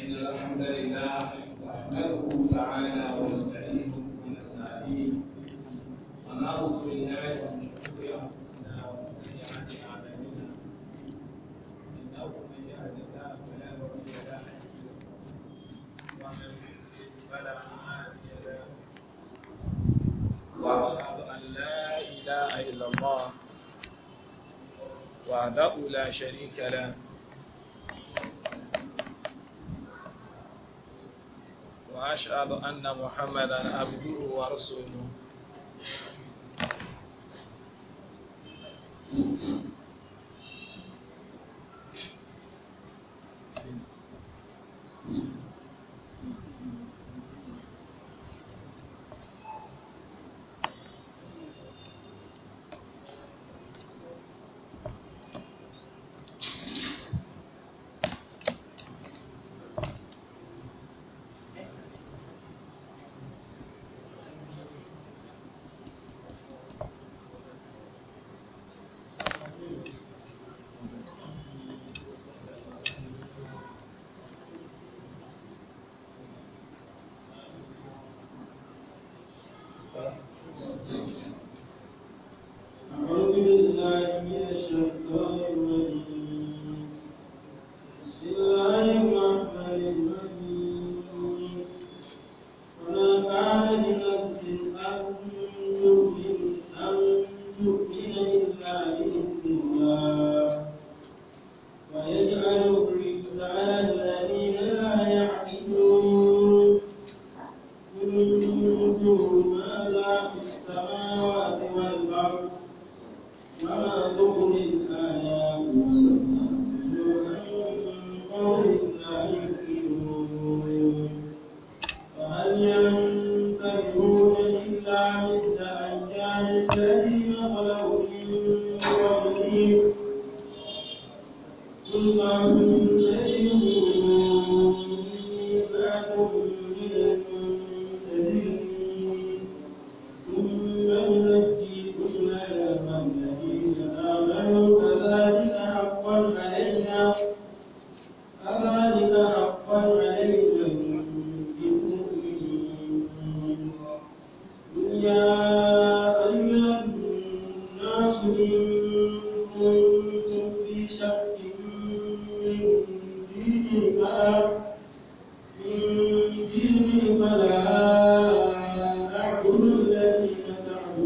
إن الحمد لله نحمده تعالى ونستعينه ونستهديه ونعوذ بالله من شرور أنفسنا ومن سيئات أعمالنا إنه من يهد الله فلا مضل له ومن يضلل فلا هادي له وأشهد أن لا إله إلا الله وحده لا شريك له وأشهد أن محمدا عبده ورسوله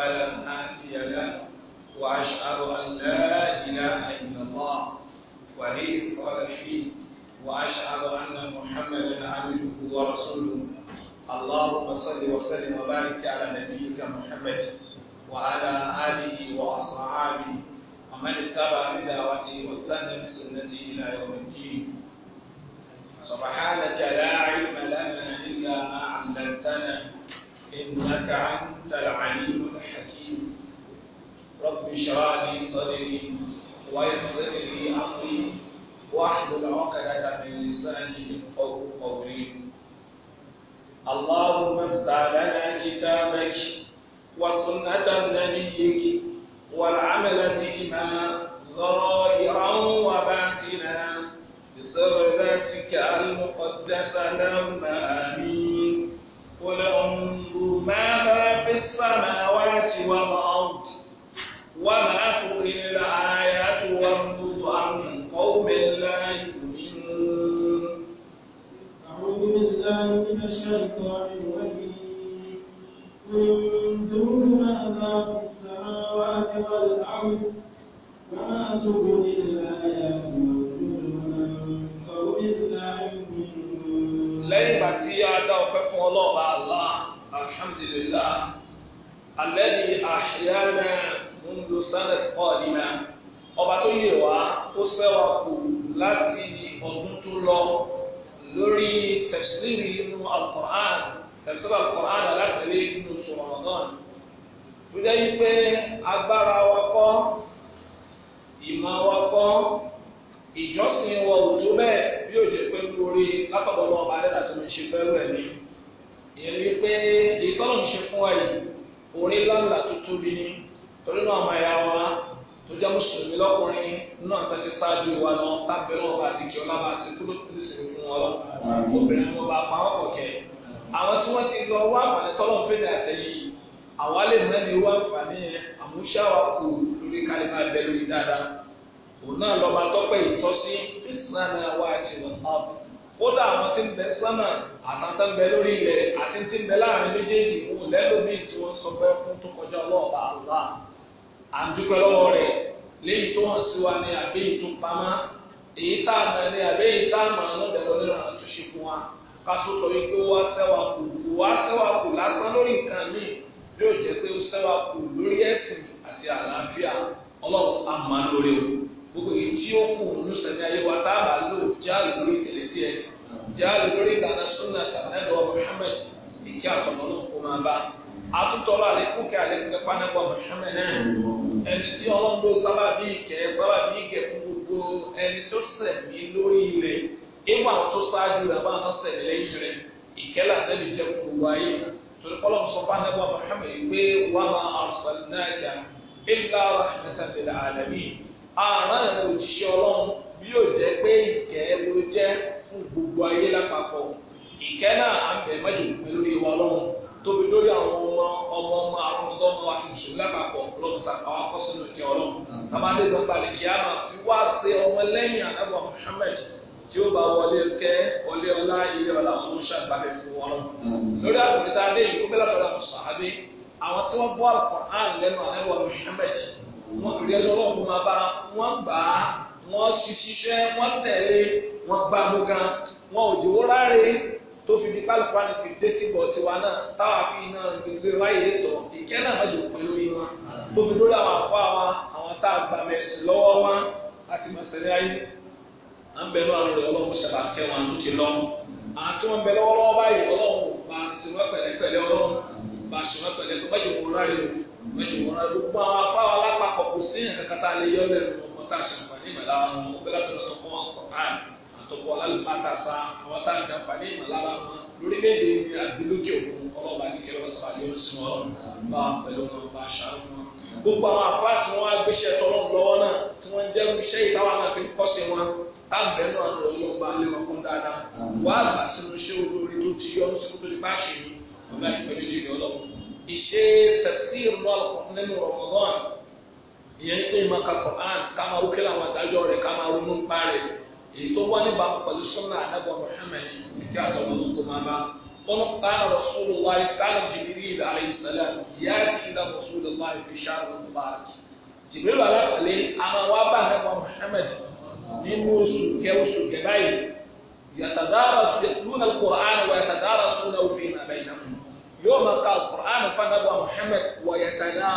violent fi sànà wá ìṣẹ̀lẹ̀ ọ̀bù. kódà àwọn tí ń bẹ sánà àtàtà ń bẹ lórí ilẹ̀ àti tí ń bẹ láàrin méjèèjì wò lẹ́lómi tí wọ́n sọ pé fún tó kọjá ọlọ́ọ̀bà àlá. à ń dúpẹ́ lọ́wọ́ rẹ̀ léyìí tó hàn sí wa ní àbí èyí tó pamá èyí tá a mọ̀ ní àbí èyí tá a mọ̀ lọ́dẹ̀ lọ́dẹ̀ lọ́dẹ̀ àtúnṣe fún wa kásó sọ wípé ó wá sẹ́wà kù ó wá sẹ́wà kù lásán lórí nǹkan míì yóò jẹ́ pé ó sẹ́wà kù lórí ẹ̀sìn àti àlàáfíà ọlọ́run á máa lórí o gbogbo èyí tí ó kù nínú sẹ̀mí ayé wa tá a bá lò jáàlù lórí ìtẹ̀lé díẹ̀ jáàlù lórí ìlànà sunna tàbí Muhammad ìṣẹ́ àtọ̀nà náà kó máa bá a tún tọrọ àlékún kí àlékún kẹfà náà wà Muhammad ẹni tí ọlọ́run ló sábà bí ìkẹ́ sábà bí ìkẹ́ fún gbogbo ẹni tó sẹ̀mí lórí rẹ̀ ìwà tó ṣáájú rẹ̀ bá wọn sẹ̀mí lẹ́yìn rẹ̀ ìkẹ́lá náà jẹ́ fún gbogbo ayé àrùn àti òṣìṣẹ́ ọlọ́run bí yóò jẹ́ pé ìkẹ́ ló jẹ́ fún gbogbo ayé lápapọ̀ ìkẹ́ náà à ń bẹ̀ mẹ́jọ pé lórí wa ọlọ́run tóbi lórí àwọn ọmọ ọmọ ọmọ àwọn ọmọ àti òṣìṣẹ́ lápapọ̀ ọlọ́run sàkàwá kọ́ sínú ìkẹ́ ọlọ́run àmàlẹ́ gbọ́ngbà lè kí á máa fi wá ṣe ọmọ lẹ́yìn ànábì Muhammad tí ó bá wọlé kẹ́ wọlé ọlá ilé ọlá àwọn oníṣẹ́ àgbàlẹ̀ fún wọn. lórí àgùntàn adé yìí ó bẹ́ẹ̀ lọ́tọ̀ Muhammad wọ́n rẹ̀ lọ́wọ́ fún ma bá wọ́n gbà á wọ́n ṣiṣẹ́ wọ́n tẹ̀lé wọ́n gbà mú gan wọ́n ò jòwó ráre tó fi di pálípà ní fi détí bọ̀ tiwa náà táwa fi iná gbègbè ráyè tọ̀ ìkẹ́ náà má jò pẹ̀lú yín wa tó fi lórí àwọn àfọ àwa àwọn tá a gbà mẹ́sì lọ́wọ́ wa àti mọ̀sẹ̀lẹ̀ ayé à ń bẹ lọ́wọ́ àwọn ọlọ́run ṣàlà kẹwàá tó ti lọ àti wọn bẹ lọ́wọ́ lọ́wọ́ báyìí ọlọ́run bá ṣe wọn pẹ̀lẹ́pẹ̀lẹ́ ọlọ́run bá ṣe wọn pẹ̀lẹ́pẹ̀lẹ́ má ìmọ̀tìmọ̀ra gbogbo àwọn afáwọn alápapọ̀ kò sí ìyàn kankan tá a lè yọ lẹ́nu ọmọ tá a sì mọ̀ ní ìmọ̀lá wọn ó bẹ́ẹ̀ látọ̀ lọ́tọ̀ fún ọkọ̀ọ̀kan àtọ̀kọ̀ alùpàtàsá àwọn tá a jà fà ní ìmọ̀lá wọn lórílẹ̀‐èdè ní agbélókè òkun ọlọ́ba níkẹlẹ́ wọn sábà yóò sún ọ bá pẹ̀lú wọn bá aṣáájú wọn. gbogbo àwọn afá náà tí wọ́n jẹ́ iṣẹ́ ìtawà náà fi ń wọn táàbẹ̀ náà lọ yóò bá lé wọn àgbà sínú iṣẹ́ olórí tó ti yọ ọ́ sí kótó nípa àṣírí ọ̀gá ìpẹ́jọ́ jìnnà ọlọ́run ìṣe tafsir lọ́lọ́kùn nínú Ramadan ìyẹn ní pé ìmọ̀ọ́ka Quran ká máa wúkẹ́ láwọn àdájọ́ rẹ̀ ká máa ronú ń parẹ́ èyí tó wá nípa pẹ̀lú sọ́nà àdàbọ̀ Muhammad kí àtọ́nà ló kó máa bá wọn kánà Rasulullah kánà Jibril alayhi salam ìyá ti ń dá Rasulullah fi ṣáàrùn mubarak Jibril alápẹ̀lẹ́ àmà wá bá àdàbọ̀ Muhammad nínú oṣù kẹ oṣù kẹ báyìí yàtàdárasù yàtúnà Quran wà yóò máa ka alukur'an fanaba muhammed wọ̀yẹ̀tàdá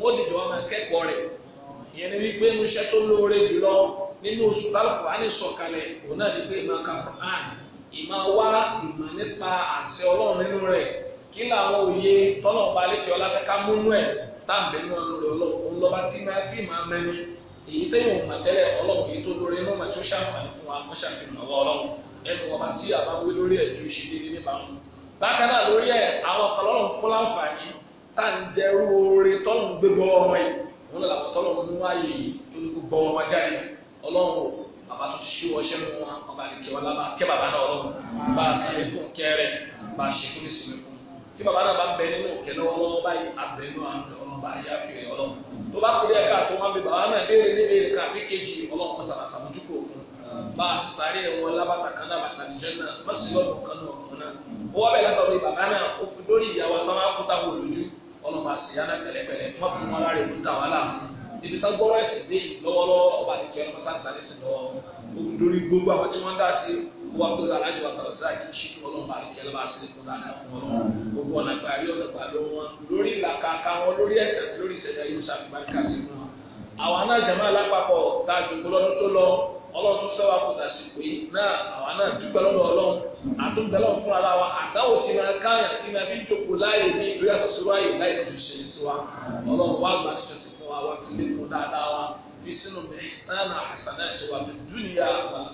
wọ́n dìde wọn máa kẹ́kọ̀ọ́ rẹ̀ ìyẹn ni wípé inú iṣẹ́ lóore jùlọ nínú oṣù alukur'an sọ̀kalẹ̀ òun náà ni pé máa ka alukur'an ìmọ̀ wá ìmọ̀ nípa àṣẹ ọlọ́run nínú rẹ̀ kí làwọn òye tọ́nà ọba alẹ́kẹ́ ọláfẹ́ká múnú ẹ̀ táàbẹ̀ nínú ọ̀nà rẹ̀ ọlọ́run lọ́ba tí máa fi máa mẹ́ni èyí tẹ́yìn òun àtẹ́lẹ̀ ọlọ́run èyí tó lórí inú màtí ó ṣàǹfààní fún wa wọ́n ṣàfihàn ọlọ́run ẹ̀kọ́ ọba tí àbáwí lórí ẹ̀ ju ṣe nípa wọn bákan náà lórí ẹ̀ àwọn ọ̀pọ̀lọ́run fún láǹfààní tá à ń jẹ oore tọ́lùn gbé gbọ́ ọmọ yìí wọn lọ làwọn tọ́lùn mú ayé yìí tó ló gbọ́ ọmọ jáde ọlọ́run o bàbá tó ti ṣe ọṣẹ́ mu wọn ọba àlejò ọlá máa kẹ́ bàbá náà ọlọ́run bá a sáré fún kẹ́rẹ́ bá a ṣe fún ìsinmi fún tí bàbá náà bá ń bẹ nínú òkè lọ́wọ́ lọ́wọ́ báyìí àbẹ̀ inú ọlọ́run bá yá fi ọlọ́run tó wọ́n bẹ̀ látọ̀ ní bàbá náà ó fi lórí ìyàwó tó máa ń kúta wò lójú ọ̀nà máa sì yára pẹ̀lẹ́pẹ̀lẹ́ wọ́n fún wọn lára ìkúta wà láàmú ibi tá gbọ́rọ̀ ẹ̀sìn dé lọ́wọ́lọ́wọ́ ọba àdìkẹ́ ọmọ sáńtà lè sìn lọ́wọ́ ó fi lórí gbogbo àwọn tí wọ́n dá sí wọ́n gbé alájọ àtàlọ́sá kì ọ̀nà gbàrí ọ̀nà gbàrí wọn lórí ìlàkàkà wọn àwọn anájàmọ́ alápapọ̀ tá a lọ́dún tó lọ ọlọ́run tó sẹ́wà kó sí pé náà àwọn náà dúpẹ́ ọlọ́run àtúntẹ̀ fún ara wa àdáwò tí máa káyàn tí máa fi ń jòkó láàyè ní ìlú àṣọṣọ láàyè láì ṣe sí wa ọlọ́run wá níjọ sí fún wa wá sí lè dáadáa wa fi sínú mi náà àṣà náà ti wà àwọn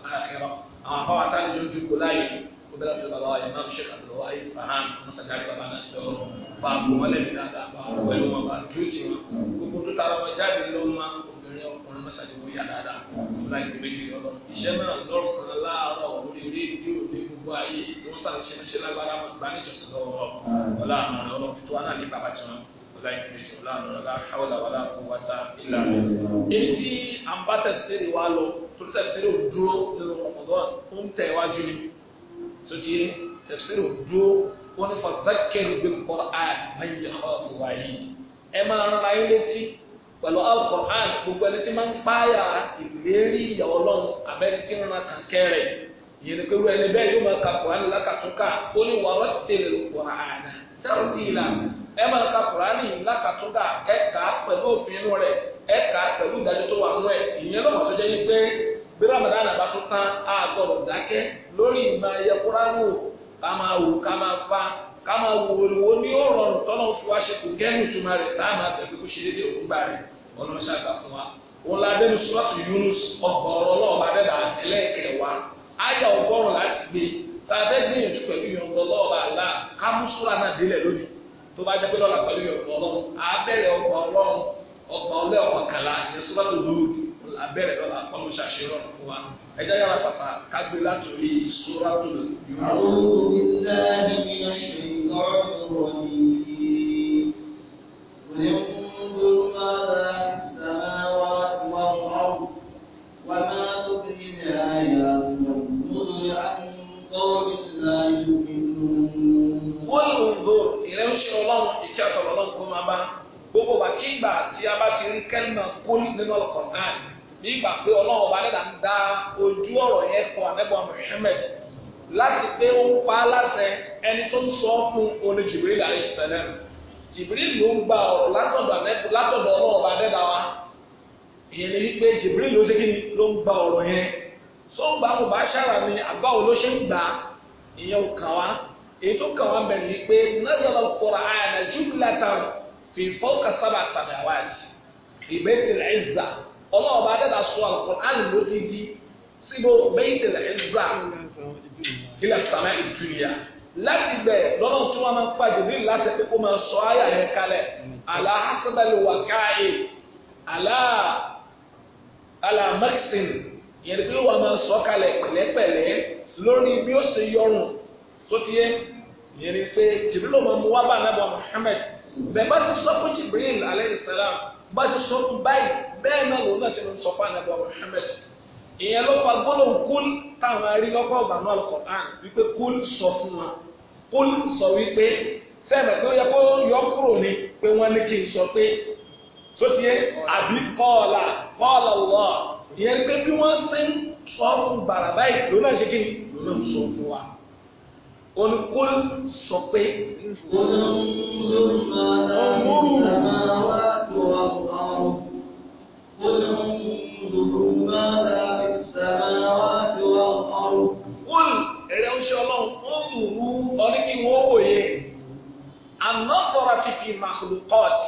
afáwátá jòkó láàyè gbogbo láti bàbá wa yẹn máa ń ṣe àbúrò wa yìí fàhán mọ́sàdárí bàbá náà lọ bá a bọ̀ wọlé dáadáa bá a pẹ̀lú wọn bá a dúró tì wọn gbogbo tó tara wọn jáde ló máa obìnrin ọkùnrin mọ́sàdé wọ yà dáadáa ọ̀la ìgbé méjì lọ́lọ́ iṣẹ́ náà lọ́sàn án láàárọ̀ lórí rédíò ní gbogbo ayé tí wọ́n sàn ṣe ṣe lágbára wọn gbá níjọsìn lọ́wọ́ ọ̀la àmàlà ọlọ́run tó wà náà ní bàbá jọ èyí tí àǹbá tẹ̀sílẹ̀ wa lọ tó tẹ̀sílẹ̀ òdúró nínú ọ̀dọ́ ń tẹ̀ wájú ni sotí tẹ̀síìrì òdúró wọn ní fàtàkẹ́rì bí Qur'an máa ń yẹ kọ́ọ̀fù wáyé ẹ máa ń ra yín létí pẹ̀lú Al-Qur'an gbogbo ẹni tí máa ń páyà ìlérí ìyà Ọlọ́run abẹ́ni tí ń ra kàkẹ́ rẹ̀ ìyẹn ni pé wọ́n ẹni bẹ́ẹ̀ yóò máa ka Qur'an lákàtúnkà ó ní wàá tẹ̀lé Qur'an tẹ̀rù tì la ẹ máa ka Qur'an lákàtúnkà ẹ kà á òfin rẹ̀ ẹ kà á pẹ̀lú tó wà nú ẹ̀ ìyẹn lọ́wọ́ tó jẹ́ yín pé bí ramadan bá tún tán a gbọ́dọ̀ dákẹ́ lórí ìmọ̀ ẹ̀yẹ kúránù ká máa wò ká máa fa ká máa wò wò ní ó rọrùn tọ́nà fún wa ṣe kò gẹ́rù ìtumọ̀ rẹ̀ tá a máa bẹ̀ kó ṣe déédéé òkúgbà rẹ̀ ọ̀nà ṣàgbà fún wa. òun la bẹ́ẹ̀ ní sọ́ọ̀tù Yunus ọgbọ̀ọ̀rọ̀ lọ́ọ̀bà dẹ́dà ẹlẹ́ẹ̀kẹwàá ayà ọgọ́rùn láti gbé tàbẹ́ gbìyànjú pẹ̀lú yọ̀ǹgọ̀ lọ́ọ̀bà àlá kámúsúra náà délẹ̀ lónìí tó bá jẹ́ pé lọ́la pẹ̀lú yọ̀ǹgọ̀ ọlọ́run àbẹ̀rẹ̀ ọgbà ọlọ́run ọgbà ọlẹ́ ọ̀kàlà ìyẹn sọ́ọ̀tù lóòdù abẹ́rẹ́ lọ́la kọ́nù ṣàṣírọ̀ fún wa ẹ̀jẹ̀ yàrá pàpà kágbé látòrí ìṣúra tó lò. àwọn olùdarí ni a ṣe lọ́rùn rọ̀ ní وينظر ماذا في السماوات والأرض وما تغني الآيات والنذر عن قوم لا wọ́n lò ń dò ìrẹ́nsẹ̀ ọlọ́run ìkẹ́ àtọ̀rọ̀ ọlọ́run kó máa bá gbogbo bàtígbà tí a bá ti rí kẹ́lìmà kólú nínú ọ̀kọ̀ọ̀kan bí ìgbà pé ọlọ́run ọba dẹ́dà ń da ojú ọ̀rọ̀ yẹn fún anẹ́gbọ́n Muhammad láti pé ó ń pa á láṣẹ ẹni tó ń sọ ọ́ fún oní Jibril alayhi salam Jibril ló ń gba ọ̀rọ̀ látọ̀dọ̀ ọlọ́run ọba dẹ́dà wa ìyẹn ni wípé Jibril ló ṣe kí ni ló ń gba ọ̀rọ̀ yẹn sọ ń gba àwọn bá ṣára ni àbáwo ló ṣe ń gbà ìyẹn ò kàn wá èyí tó kàn wá bẹ̀rẹ̀ ni pé nazala al ọlọ́ọ̀bá adẹ́dà sọ Al-Qur'an lódìdí síbò bẹ́yìntì lẹ́ẹ̀dúrà ilẹ̀ sàmà ìdúnyà láti bẹ̀ lọ́nà tí wọ́n máa ń pa jìbìrì láti pé kó máa sọ ayà yẹn kalẹ̀ àlà hasabali wàkáyé àlà àlà mẹ́kìsìn yẹn ni pé wọ́n máa sọ kalẹ̀ pẹ̀lẹ́pẹ̀lẹ́ lórí bí ó ṣe yọrùn tó ti yẹ yẹn ni pé jìbìrì ló máa wá bá anábọ̀ Muhammad bẹ́ẹ̀ bá ti sọ fún jìbìrì alayhi salam bá ṣe sọ fún báyìí bẹ́ẹ̀ náà lòun náà ṣe ń sọ fún ànábọ̀ Muhammad ìyẹn ló fa gbólóhùn kúl táwọn arí lọ́pọ̀ ọ̀bànú Al-Qur'an wípé kúl sọ fún wa kúl sọ wípé sẹ́ẹ̀mẹ̀ pé ó yẹ kó yọ kúrò ní pé wọ́n ní kí n sọ pé tó ti yẹ àbí kọ́ọ̀là kọ́ọ̀là Allah ìyẹn pé bí wọ́n ṣe ń sọ fún bàrà báyìí lòun náà ṣe kí lòun náà sọ fún wa òní kúl sọ pé òun ń lò máa ń múrù. قل انظروا ماذا في السماوات والارض قل èrè ń ṣe ọlọ́run ó lùrú ọ̀ríkì wọ́n wòye anọ́fọ̀rọ̀ fífi makhluqat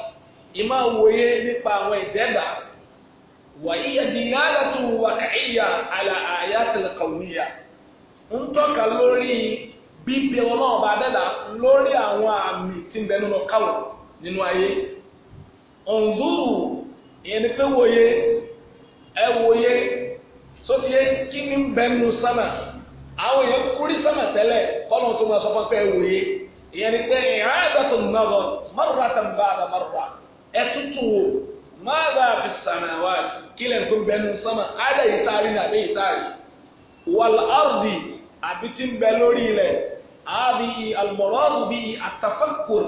ìmọ̀ wòye nípa àwọn ìdẹ́gbà wàyí ìyẹn ni pé wòye ẹ wòye tó ti yẹ kí ni ń bẹ nu sánà àwọn èèyàn kúrí sánà tẹ́lẹ̀ kọ́nà tó máa sọ fún pé wòye ìyẹn ni pé i'ādatun nazar marratan ba'da marra ẹ tútù wò máàdà fi samawati kí lè tó ń bẹ nu sánà ádà yìí táàrí ní àbẹ́ yìí táàrí wal ardi àbí tí ń bẹ lórí ilẹ̀ àbí al-murādu bihi at-tafakkur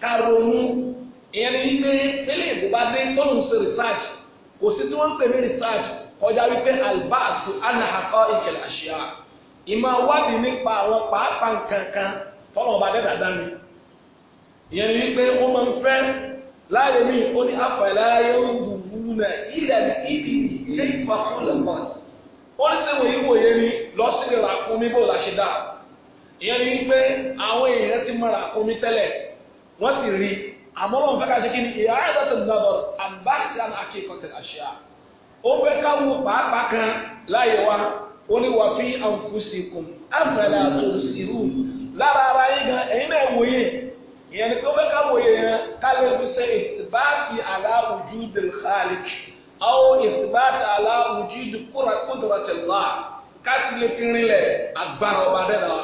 ká ronú ìyẹn ni wípé tẹ́lẹ̀ ìbò bá dé tóun ṣe research kò sí tí wọ́n ń pè ní research kọjá wípé albaatu anahakọ ìkẹlẹ àṣìá ìmọ̀ wádìí nípa àwọn pàápàá nǹkankan tọ́lọ̀ ọba dẹ́dà dá mi ìyẹn ni wípé wọ́n máa ń fẹ́ láàyè mi ó ní afẹ́láyé ń wùwú nà ilẹ̀ ìdí ilé ìfọkànlẹ̀ pọ̀t ó ní sẹ́wọ̀n yìí wòye ni lọ́sílẹ̀ làkúnmí bò láṣẹ dá ìyẹn ni wípé àwọn èèyàn ti mọ làkúnmí tẹ́lẹ̀ wọ́n sì rí i àmọ́ wọn fẹ́ ká ṣe kí ni ìyá àdàtọ̀ nàbọ̀ àbáṣán àkíkọ̀tẹ̀ àṣà ó fẹ́ ká wú pàápàá kan láyé wa ó ní wà fi àǹfùsì kùn àfẹ́lẹ́ àtòsí irú lára ara yín gan ẹ̀yin náà wòye ìyẹn ni pé ó fẹ́ ká wòye yẹn ká lè fi ṣe ìsìbáàtì aláwùjú dèlxalik àwọn ìsìbáàtì aláwùjú kúndùrọ̀tẹ̀lá ká sì lè fi rinlẹ̀ agbára ọba dẹ́ra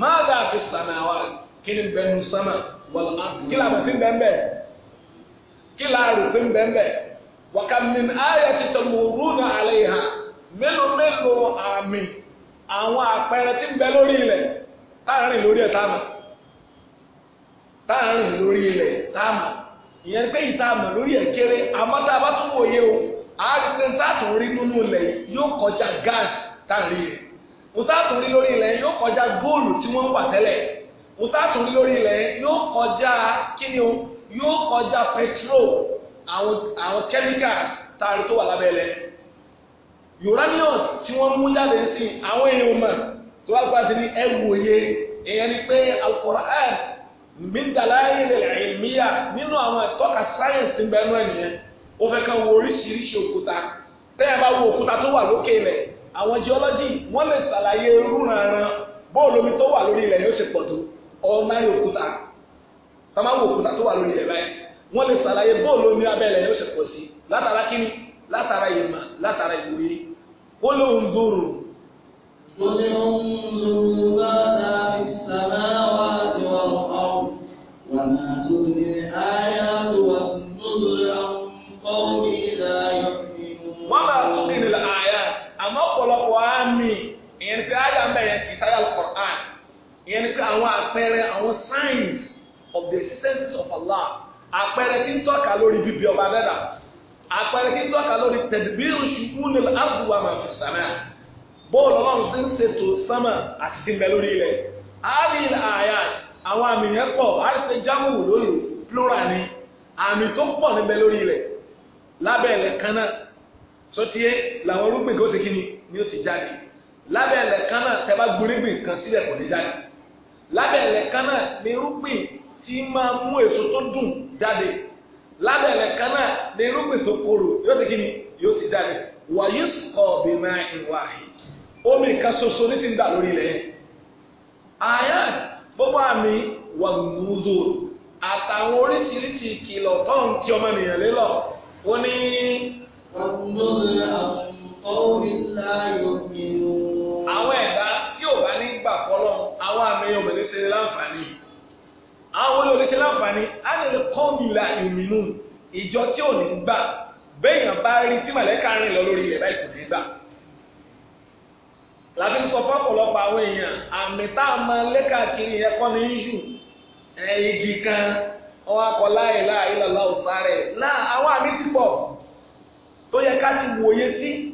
máa dà fi sàmì àwọn kí ni bẹnu kí la mọ̀ sí bẹ́ẹ̀ kí la rò pé bẹ́ẹ̀ wàkà min ayé títọ́ mòrú na àlẹ́ ìhà mélòó mélòó àmì àwọn àpẹẹrẹ tí ń lórí ilẹ̀ táàrin lórí ẹ̀ táàmù táàrin lórí ilẹ̀ táàmù ìyẹn pé ma, lórí ẹ̀ kéré àmọ́ tá a bá o àárín táàtún rí nínú ilẹ̀ yóò kọjá gáàsì táàrin rẹ̀ òtáàtún rí lórí yóò kọjá góòlù tí mùtátùn lórí ilẹ̀ yóò kọjá kíni o yóò kọjá petrol àwọn chemicals tààrí tó wà lábẹ́ ilẹ̀ uranium tí wọ́n mú jáde sí àwọn èèyàn mọ̀ tó wá gba sí ní ẹwòye èèyàn ni pé Al-Qur'an mídàláyé lẹ̀ ẹ̀míyà nínú àwọn ẹ̀tọ́ka sáyẹ̀nsì ń bẹnu ẹ̀yẹn ó fẹ́ ká wo oríṣiríṣi òkúta tẹ́ ẹ bá wo òkúta tó wà lókè ilẹ̀ àwọn geology wọ́n lè ṣàlàyé rúranran bóòlù omi tó wà lórí ilẹ̀ yóò ṣe pọ̀ tó ọ̀ọ́máyé òkúta tọ́má wò òkúta tó wà lórí ẹ̀ báyìí wọ́n lè ṣàlàyé bóòlù omi abẹ́lẹ̀ ní oṣù pọ̀ sí látara kíni látara ìmọ̀ látara ìwúrí ó lóun dúró. ó ní ohun lòun bá ta ìsàmá wá ti wà ọ̀hún wà máa tó ní àyà tó wà lóṣòro àwọn ọ̀hún ìlà yọ̀ nínú. wọ́n máa tún ní ìlà àmọ́ ọ̀pọ̀lọpọ̀ àmì ìyẹn ti àyà mẹ́yẹn kì ìyẹn ni pé àwọn àpẹẹrẹ àwọn signs of the senses of Allah àpẹẹrẹ tí ń tọ́ka lórí bíbí ọba dẹ́dà àpẹẹrẹ tí ń tọ́ka lórí tẹ̀dìbíru ṣùgbọ́n ní abdulwa máa fi sàmà bóòlù ọlọ́run sì ń ṣètò sámà àti ti bẹ lórí ilẹ̀ àárín àyàt àwọn àmì yẹn pọ̀ àrífẹ́ jámù lórí plural ni àmì tó pọ̀ níbẹ̀ lórí ilẹ̀ lábẹ́ ilẹ̀ kan náà sọtíye làwọn olùgbìn kò sí kí ni ni ó ti jáde lábẹ́ ilẹ̀ kan náà tẹ́ bá gbórígbìn kan sílẹ̀ kò ní jáde lábẹ́lẹ̀ kan náà ni irúgbìn tí máa mú èso tó dùn jáde lábẹ́lẹ̀ kan náà ni irúgbìn tó korò yóò ti kí yóò ti jáde wàyí ọ̀bì máa ń wá omi kan ṣoṣo ní ti ń dà lórí ilẹ̀ ayat gbogbo àmì wà nùzò àtàwọn oríṣiríṣi ìkìlọ̀ tó ń ti ọmọ nìyẹn lélọ̀ ó ní. wà nùzò àwọn ọ̀rìn láyò mi. àwọn ẹ̀ àwọn àmì ọmọ ní ṣe láǹfààní àwọn olè oníṣe láǹfààní á lè ìrìnnú ìjọ tí ò ní gbà bá rí tí màlẹ́kà rìn lọ lórí báyìí kò ní gbà sọ fún àwọn èèyàn àmì tá a máa ní yíṣù kan akọ náà àwọn àmì ti tó yẹ ká ti wòye sí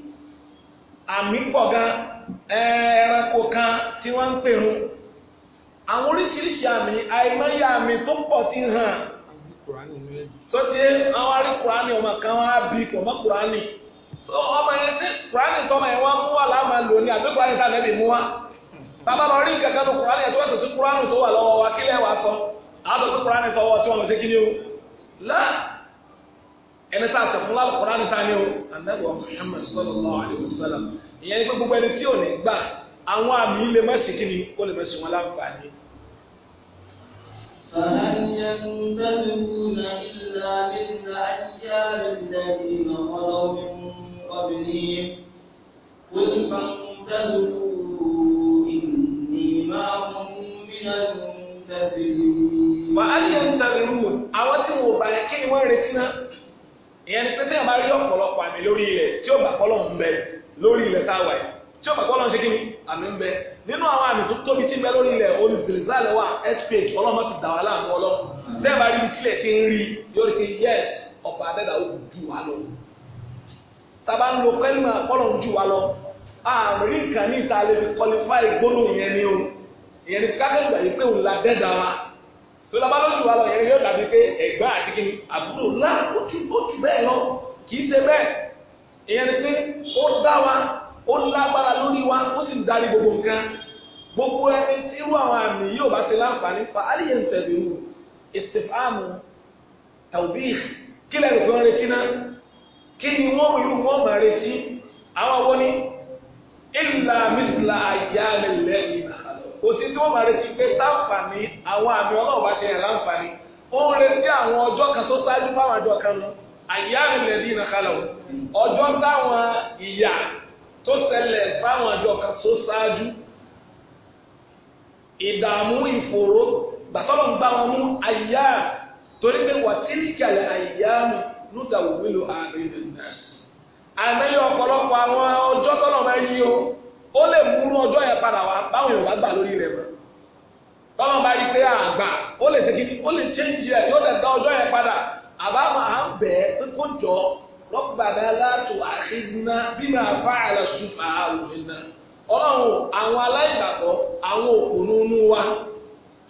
àwọn oríṣiríṣi àmì àìmọye àmì tó pọ̀ ti hàn tó ti àwọn arí kùránì ọmọ kan wá bí ọmọ kùránì tó ọmọ yẹn sí kùránì tọmọ yẹn wá mú wà láàmà lò ní àgbẹ̀ kùránì tá lẹ́bi mú wá bàbá lọ rí nǹkan kan tó kùránì ẹ̀ tó ẹ̀sọ̀ sí kùránì tó wà lọ́wọ́ wa kílẹ̀ wà sọ àádọ́ tó kùránì tọwọ́ tí wọ́n lọ sí kí ni o lá ẹni tá a sọ fún lálẹ́ kùránì tá ni o Ànábì Muhammad sallallahu alaihi wasallam ìyẹn ni pé gbogbo ẹni tí ò ní gbà àwọn àmì ilé فهل ينتهون إلا مثل أيام الذين خلوا من قبلهم قل فانتظروا إني معهم من المنتظرين فهل ينتظرون أوتي وباركين ورتنا ìyẹn ni pé tẹ́yà bá rí ọ̀pọ̀lọpọ̀ àmì lórí ilẹ̀ tí ó tí ó gbàgbọ́ lọ́n ṣe kí ni àmì ń bẹ nínú àwọn àmì tó tóbi tí ń bẹ lórí ilẹ̀ olùsèlésàlẹ̀ wà earthquake ọlọ́mọ ti dà wá láàmú ọlọ́run lẹ́ẹ̀bà rí ibi tílẹ̀ ti ń rí yóò rí pé yes ọ̀pọ̀ àdẹ́dà ó ju wa lọ tàbá ń lo kẹ́lìmọ̀ ọlọ́run ju wa lọ àmì nǹkan ní ìta lè fi qualify gbóló ìyẹn ni o ìyẹn ni kákẹ́ ìgbà yìí pé òun la dẹ́dà wa tó lọ́ba ló ju wa lọ ìyẹn yóò dàbí pé ẹ̀gbá àti kí ni àbúrò lá ó ti bẹ́ẹ̀ ó lágbára lórí wa ó sì ń darí gbogbo nǹkan gbogbo ẹni tí irú àwọn àmì yóò bá ṣe láǹfààní fa aliye ń tẹ̀lé mu istifamu tawbih kí lẹ́nu kan retí náà kí ni wọ́n irú wọn máa retí àwọn àwọn ní ìlà mísìlà àyà lẹ́lẹ́ ìlà kò sí tí wọ́n máa retí pé táǹfààní àwọn àmì ọlọ́run bá ṣe yàn láǹfààní ó ń retí àwọn ọjọ́ kan tó ṣáájú fáwọn àjọ kan lọ àyà lẹ́lẹ́ ìlà kalọ̀ ọjọ́ táwọn ìyá tó ṣẹlẹ̀ sáwọn àjọ kan tó ṣáájú ìdààmú gbàtọ́lọ̀ ń bá wọn mú àyà torí pé wà tí àyà ààrẹ nẹ́ẹ̀sì ọ̀pọ̀lọpọ̀ àwọn ọjọ́ tọ́lọ̀ máa yí o ó lè múrú ọjọ́ yẹn padà wá báwọn gbà lórí rẹ̀ mọ́ tọ́lọ̀ bá rí pé àgbà ó lè ṣe kí ó lè change yóò lè dá ọjọ́ rọ́bàdà látò àṣìgbìnà bímọ àfáàlà ṣùfà òmìnira ọlọ́run àwọn aláìgbàgbọ́ àwọn òkùnúnú wa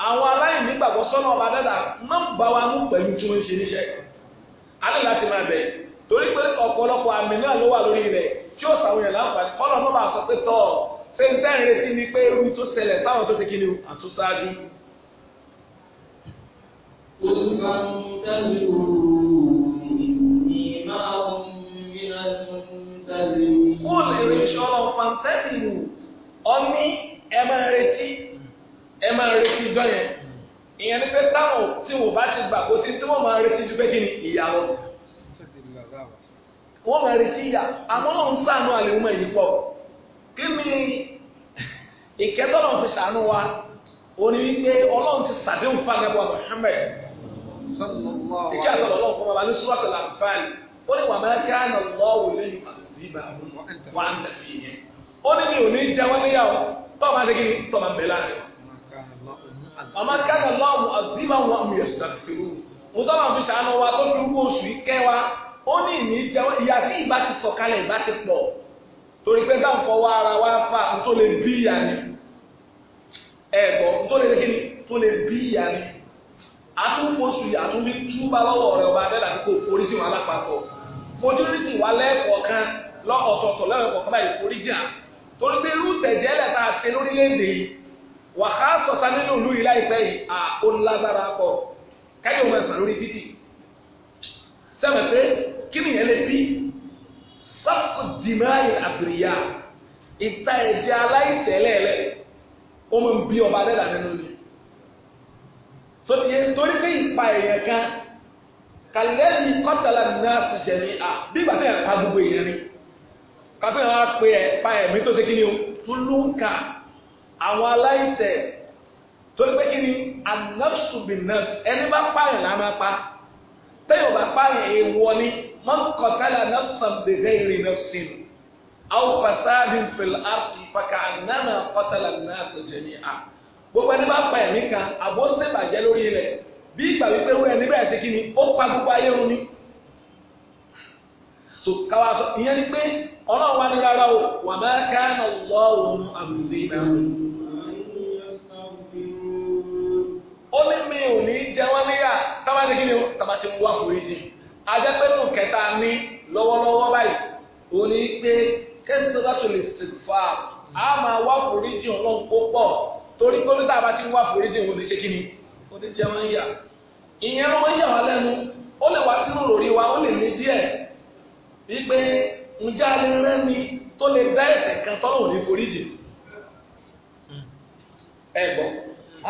àwọn aláìnígbàgbọ́ sọ́nà ọba dada má bá wa mú pẹ̀lú tí wọ́n ń ṣe níṣẹ́ alẹ́ láti máa bẹ̀ torí pé ọ̀pọ̀lọpọ̀ àmì náà ló wà lórí rẹ̀ tí ó sàwọn yẹn láǹfààní kọ́nà náà sọ pé tọ́ ń tẹ́ ìrètí ni pé tó ṣẹlẹ̀ sáwọn tó ti kí ni ti ní sọ́lọ̀ fàǹtẹ́sì wù ọmí ẹ ìjọ yẹn ìyẹn ní pé táwọn tí wò bá ti gbà kó sí tí wọ́n máa retí ju pé kí ìyá lọ. wọ́n máa retí ìyá àwọn náà sànú àlè wọn èyí pọ̀ kí ni ìkẹ́tọ́nà fi sànú wa òní wípé ọlọ́run ti sàdéhùn fún àgbẹ̀bọ̀ Muhammad ìkẹ́ fún wa ní sùrọ̀tàlá fáìlì ó ní wàmẹ́kẹ́ àná lọ́wọ́ lẹ́yìn dìbàhùn wà á ń tà sí yẹn. ó ní mi ò ní jẹ wọn níyàwó tó o máa ṣe kí ni tó o máa ń bẹ láàrin. àmọ́ kánà lọ́wọ́ àdìbàhùn wà mí ẹ̀sùn àti fèrè wò. mo tọ́ máa fi ṣàánú wa tó fi wú oṣù ìkẹ́ wa ó ní ìní jẹ wọn ìyá tí ìbá ti sọ̀kalẹ̀ ìbá ti pọ̀ torí pé bá ń fọwọ́ ara wa fa tó lè bí ìyá ni ẹ̀gbọ́n tó lè kí ni tó lè bí ìyá ni àtúnfosù àtúnfi túbà lọ́wọ́ rẹ̀ ọba adẹ́dàkókò foríjì wà lápapọ̀ fojú rí tì wá lọ ọ̀tọ̀ọ̀tọ̀ lọ́wọ́ kọ̀ọ̀kan báyìí forí jà torí pé irú tẹ̀jẹ́ lẹ̀ tá a ṣe lórílẹ̀‐èdè yìí wàhá sọ̀tà nínú ìlú yìí láìpẹ́ yìí à ó lágbára pọ̀ káyọ̀ wọn sàn lórí títì sẹ́mi pé kí nìyẹn lè bí sọ́kù dìmáyì àbìrìyà ìta ẹ̀jẹ̀ aláìsẹ̀ lẹ́ẹ̀lẹ́ ó máa ń bí ọba adẹ́dà nínú ni tó ti yẹ torí pé ìpa èèyàn kan kàlẹ́ẹ̀mí kọ́tàlá nọ́ọ̀sì jẹ̀mí à bí bàtà ẹ̀ pa gbogbo èèyàn ni kápẹ́ wọn á pe ẹ̀ pa ẹ̀mí tó ṣe kí ni o tó ló ń kà àwọn aláìṣẹ̀ tó ní pé kí ni anafsu bin nas ẹni bá pààyàn là máa pa tẹ́yọ̀ bá pààyàn èèwọ̀ ni man qatala nafsan bi ghairi nafsin aw fasadin fil ardi faka'annama qatala an-nas jami'a gbogbo ẹni bá pa ẹ̀mí kan àbó ṣèbàjẹ́ lórí ilẹ̀ bí ìgbà wípé wúrẹ́ níbẹ̀ ṣe kí ó pa gbogbo ayé wọn ni. so káwá sọ ìyẹn ni pé ọlọ́run wa ni rárá o wà má káànà lọ́wọ́n àbùzí náà. ó ní mi ò ní jẹ wọn níyà tábà ní kí ni o tábà ti wá foríjì ajẹ́pẹ́nu kẹta ní lọ́wọ́lọ́wọ́ báyìí ó ní pé kẹ́sìtọ́ dátò lè sèfà á máa wá foríjì ọlọ́run kó pọ̀ torí pé bá ti wá foríjì òun ní ṣe ó ní jẹ wọn níyà ìyẹn ló ń yà wá ó lè wá sínú wa ó lè ní wípé ǹjẹ́ a lè rán ni tó lè dá ẹ̀ṣẹ̀ kan tọ́lọ̀ ní foríjì ẹ gbọ́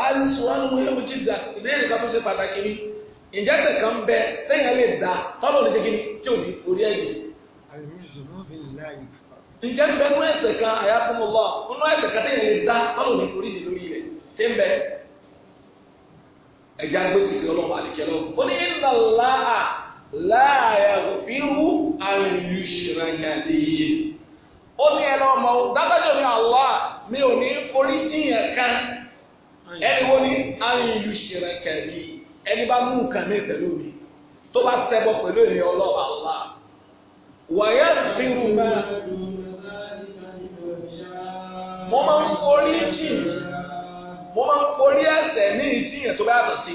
alisu wa nínú yóò jí da ìbéèrè kan tó ṣe pàtàkì ni ǹjẹ́ ẹ̀ṣẹ̀ kan bẹ téèyàn lè dá tọ́lọ̀ ní ṣe kí ni tí ò ní forí ẹ̀jẹ̀ ǹjẹ́ ń bẹ nínú ẹ̀ṣẹ̀ kan àyàfọ́mọ́lá nínú ẹ̀ṣẹ̀ kan téèyàn lè dá tọ́lọ̀ ní foríjì lórí rẹ̀ ṣé ń bẹ ẹ̀jẹ̀ agbésìkì ọlọ́run àlìkẹ́ lọ́wọ́ láàyè fíhù àyùṣìrànkàdéyé ó ní ẹ lọ́wọ́ mọ́ dádájọ́ ní Allah mi ò ní forí jiyàn kan ẹni wo ni àyùṣìrànkàdéyé ẹni bá mú nǹkan ní pẹ̀lú mi tó bá ṣẹbọ pẹ̀lú èmi ọlọ́wọ́ Allah wàyà fíhù máa mo máa ń forí jiyàn mo máa ń forí ẹ̀ṣẹ̀ ní ìjiyàn tó bá yàtọ̀ sí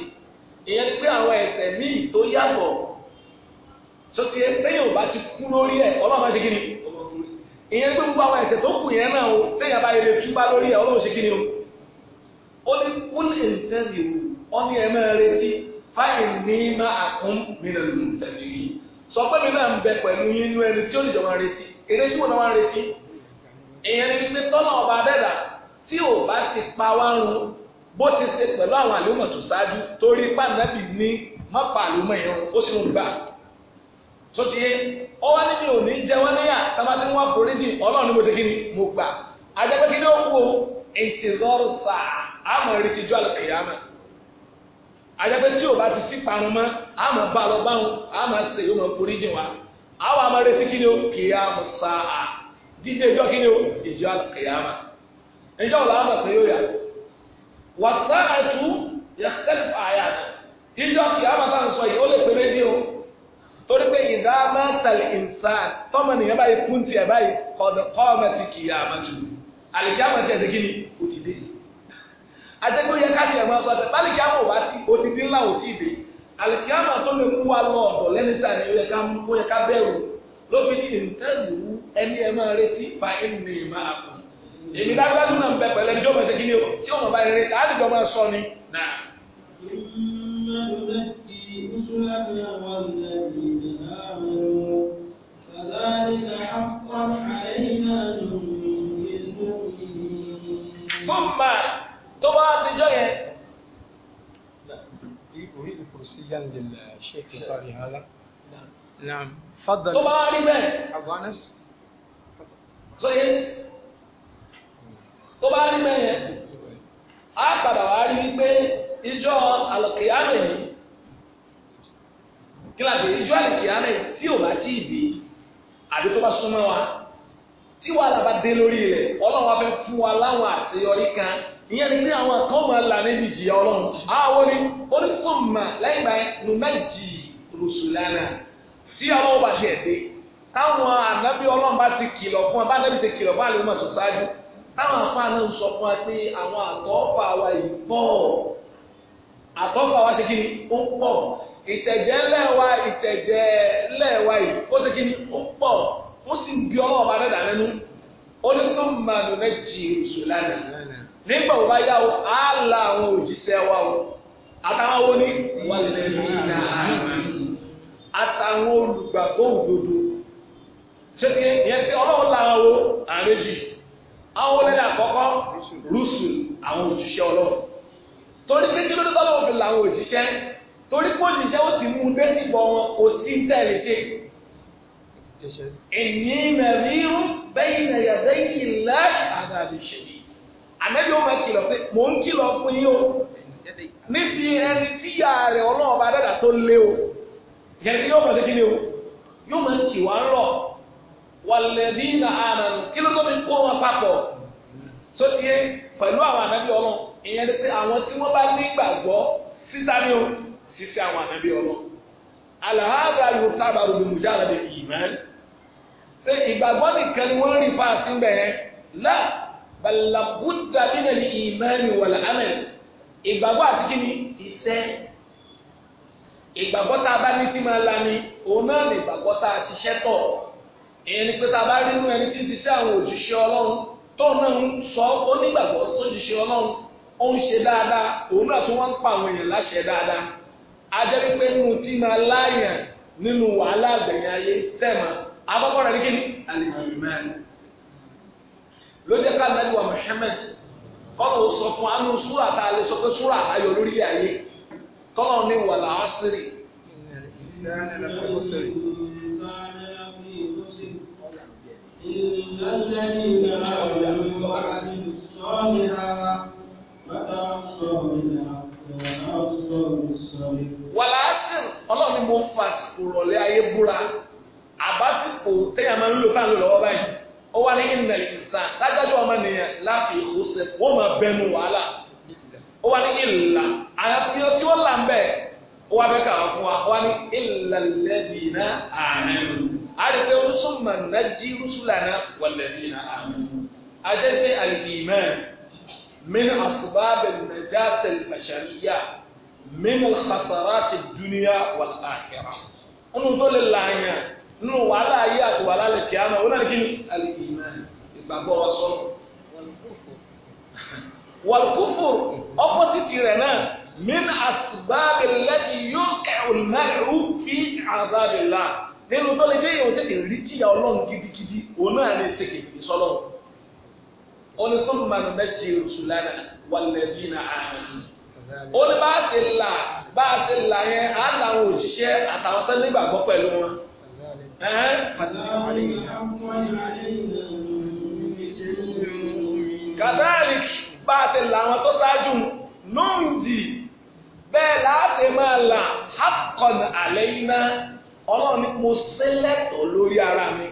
ìyẹn ni pé àwọn ẹ̀ṣẹ̀ míì tó yàtọ̀ sọtí ẹ lẹ́yìn ò bá ti kú lórí ẹ ọlọ́run bá ṣe kí ni ìyẹn pé gbogbo àwọn ẹ̀ṣẹ̀ tó kù yẹn náà o lẹ́yìn àbá ilé túbá lórí ẹ ọlọ́run ṣe kí ni o ó ní kún ní ntẹ́bi o ó ní ẹ máa retí fáyìn ní má àkún mi nà lù ntẹ́bi yìí sọ pé mi náà ń bẹ pẹ̀lú yín inú ẹni tí ó jọ máa retí eré tí wọn náà máa retí ìyẹn ní pé tọ́nà ọba dẹ́dà tí ò bá ti pa wá run bó ṣe ṣe pẹ̀lú àwọn àlùmọ̀ ṣáájú torí pàǹdàbì ní mọ́pàá àlùmọ̀ yẹn ó sì ń gbà tó ti yé ọwọ́ níbi òní jẹ wọ́n níyà tàbá tí wọ́n foríjì ọlọ́run ní mo ti kí ni mo gbà sáà ti jọ́ àlùkìyàmọ̀ tí ò bá ti sí parun mọ́ àmọ̀ bá lọ báwọn àmọ̀ ṣe yóò mọ̀ foríjì wa àwọn àmọ̀ retí kí ni ó kìyàmọ̀ sáà dídé ìjọ kí ni ó ìjọ ìjọ yóò yà wà sáà torí pé ìdá mẹ́tàlì ìnsán tọ́mọ nìyẹn báyìí kún tiẹ̀ báyìí kọ̀dọ̀ kọ́ọ̀mẹ́ ti kì í àmàtù àlìjáàmọ̀ tiẹ̀ ti kíni ó ti dé àtẹ́gbẹ́ yẹ káàkiri ẹ̀mọ́ sọ pé bálìjáàmọ̀ wá tí odidi ńlá ò tí dé àlìjáàmọ̀ tó lè kú wa lọ ọ̀dọ̀ lẹ́nìtà ni ó yẹ ká bẹ̀rù ló fi ní ìntẹ́lù ẹni ẹ máa retí fa ẹni máa kù èmi dágbádú náà ń bẹ pẹ̀lú ẹni tó bá àtijọ́ yẹn. أريد كرسيا للشيخ القاضي هذا نعم نعم تفضل tó bá rí bẹ́ẹ̀. أبو أنس sọyẹ tó bá rí bẹ́ẹ̀ yẹn á padà wá rí wípé ìjọ àlọ́kìyàmẹ̀ yìí kílàbí ìjọ àlọ́kìyàmẹ̀ tí ò bá tí ì bí àbí tó bá súnmọ́ wa tí wàhálà bá dé lórí rẹ̀ ọlọ́run wa fẹ́ fún wa láwọn àṣeyọrí kan ìyẹn ni pé àwọn kan máa là níbi ìjìyà ọlọ́run àwọn ni onísùnmà lẹ́yìn ìgbà nùmẹ́jì rùsùlánà tí ọlọ́run bá ṣe ẹ̀dẹ́ táwọn ànábì ọlọ́run bá ti kìlọ̀ fún wa bá ànábì ṣe kìlọ̀ fún àlùmọ̀ tó ṣáájú táwọn afáà náà ń sọ fún wa pé àwọn àtọ́fà wa yìí pọ̀ àtọ́fà wa ṣe kí ni ó pọ̀ ìtẹ̀jẹ́ lẹ́wà ìtẹ̀jẹ́ lẹ́wà yìí ó ṣe kí ni ó pọ̀ ó sì ń bí ọlọ́run bá dẹ́dà lẹ́nu ó ní nígbà wo bá yá o á la àwọn òjíṣẹ́ wa o àtàwọn wo ni wà lẹ́yìn náà àtàwọn olùgbàgbọ́ òdodo ṣé ti yẹn ti ọlọ́run la àwọn wo àrèjì àwọn olórí àkọ́kọ́ rúṣù àwọn òjíṣẹ́ ọlọ́run torí pé kí ló dé tọ́lọ́run fi la àwọn òjíṣẹ́ torí pé òjíṣẹ́ ó ti mú un dé tìbọ̀ wọn kò sí tẹ̀lé ṣe. Inni nadhirun bayna yaday Allahi 'adhabin shadid ànábì ọmọ ẹ kìlọ̀ pé mò ń kìlọ̀ fún yín o níbi ẹni tí yà rẹ̀ ọlọ́ọ̀bá dàda tó lé o yẹn kí yóò mọ̀ sí kí ni o yóò máa kì wá ń lọ wàlẹ́bí na ànàlù kí ló tóbi kó wọn papọ̀ sótìé pẹ̀lú àwọn ànábì ọlọ́run ìyẹn ni pé àwọn tí wọ́n bá nígbàgbọ́ síta ni o sísẹ àwọn ànábì ọlọ́run alahaba yóò tábà rògbòmù jáde ìmọ̀ ṣe ìgbàgbọ́ nìkan ni wọ́n rí fáasí bẹ́ẹ̀ náà balabudda nínú ìmánì wàlẹ̀ amẹ̀ ìgbàgbọ́ àti kíni iṣẹ́ ìgbàgbọ́ tá a bá ní tí máa lani òun náà ní ìgbàgbọ́ tá a ṣiṣẹ́ tọ̀ ìyẹn ni pé tá a bá rí inú ẹni tí ń ṣiṣẹ́ àwọn òjíṣẹ́ ọlọ́run tó náà ń sọ onígbàgbọ́ sójíṣẹ́ ọlọ́run ó ń ṣe dáadáa òun náà tó wọ́n ń pa àwọn èèyàn láṣẹ dáadáa a jẹ́ pé inú tí máa láàyàn nínú wàhálà àgbẹ̀yìn ayé tẹ̀ mọ́ akọ́kọ́ rẹ̀ ní kíni àlè ló jẹ́ ká nàbí wa Muhammad kọ́nà ó sọ fún anú súrà tá a lè sọ pé súrà ayọ̀ lórílẹ̀ ayé kọ́nà ní wàlà ásírì. wàlà ásírì ọlọ́run ni mo fa àsìkò rọ̀lẹ́ ayé búra àbásìkò téèyàn máa ń lò fáwọn lọ́wọ́ báyìí ó wà ní ìnàlẹ̀ ìsàn dájájú ọmọ nìyẹn láti ìkóso wọ́n máa bẹnu wàhálà ó wà ní ìlà àyàfihàn tí ó là ń bẹ̀ ó wà bẹ́ kà wọ́n fún wa ó wà ní ìlàlẹ́bì náà àmín a rí pé rúṣùn mà ná jí rúṣùn lànà wàlẹ́bì náà àmín a jẹ́ pé al-iman min asbab an-najat al-bashariyya min al-khasarat ad-dunya wal-akhirah nínú wàhálà ayé àti wàhálà lè kí á mọ̀ wọ́n náà kí ni alìyìnà ìgbàgbọ́ wa sọ. wàlúkúfù ọ́pọ́sìtì rẹ̀ náà min asibáàbì lẹ́yìn yóò kẹ̀hùn mẹ́rù fi àbábì là nínú tó lè jẹ́ ìwé tètè rí jìyà ọlọ́run gidigidi òun náà lè ṣe kèké sọ́lọ́ oni sunmanu bẹ́tì rusulana wàlẹ́bínà àhàmì oni bá a ṣe là bá a ṣe là yẹn àlàó òṣìṣẹ́ àtàwọn tẹ́lẹ̀ gbàgbọ́ pẹ̀lú wọn kàdáàlì bá a ṣe làwọn tó ṣáájú nóǹdì bẹ́ẹ̀ láàṣẹ máa là hákọ̀n àlẹ́ iná ọlọ́run ni mo ṣe lẹ́tọ̀ lórí ara mi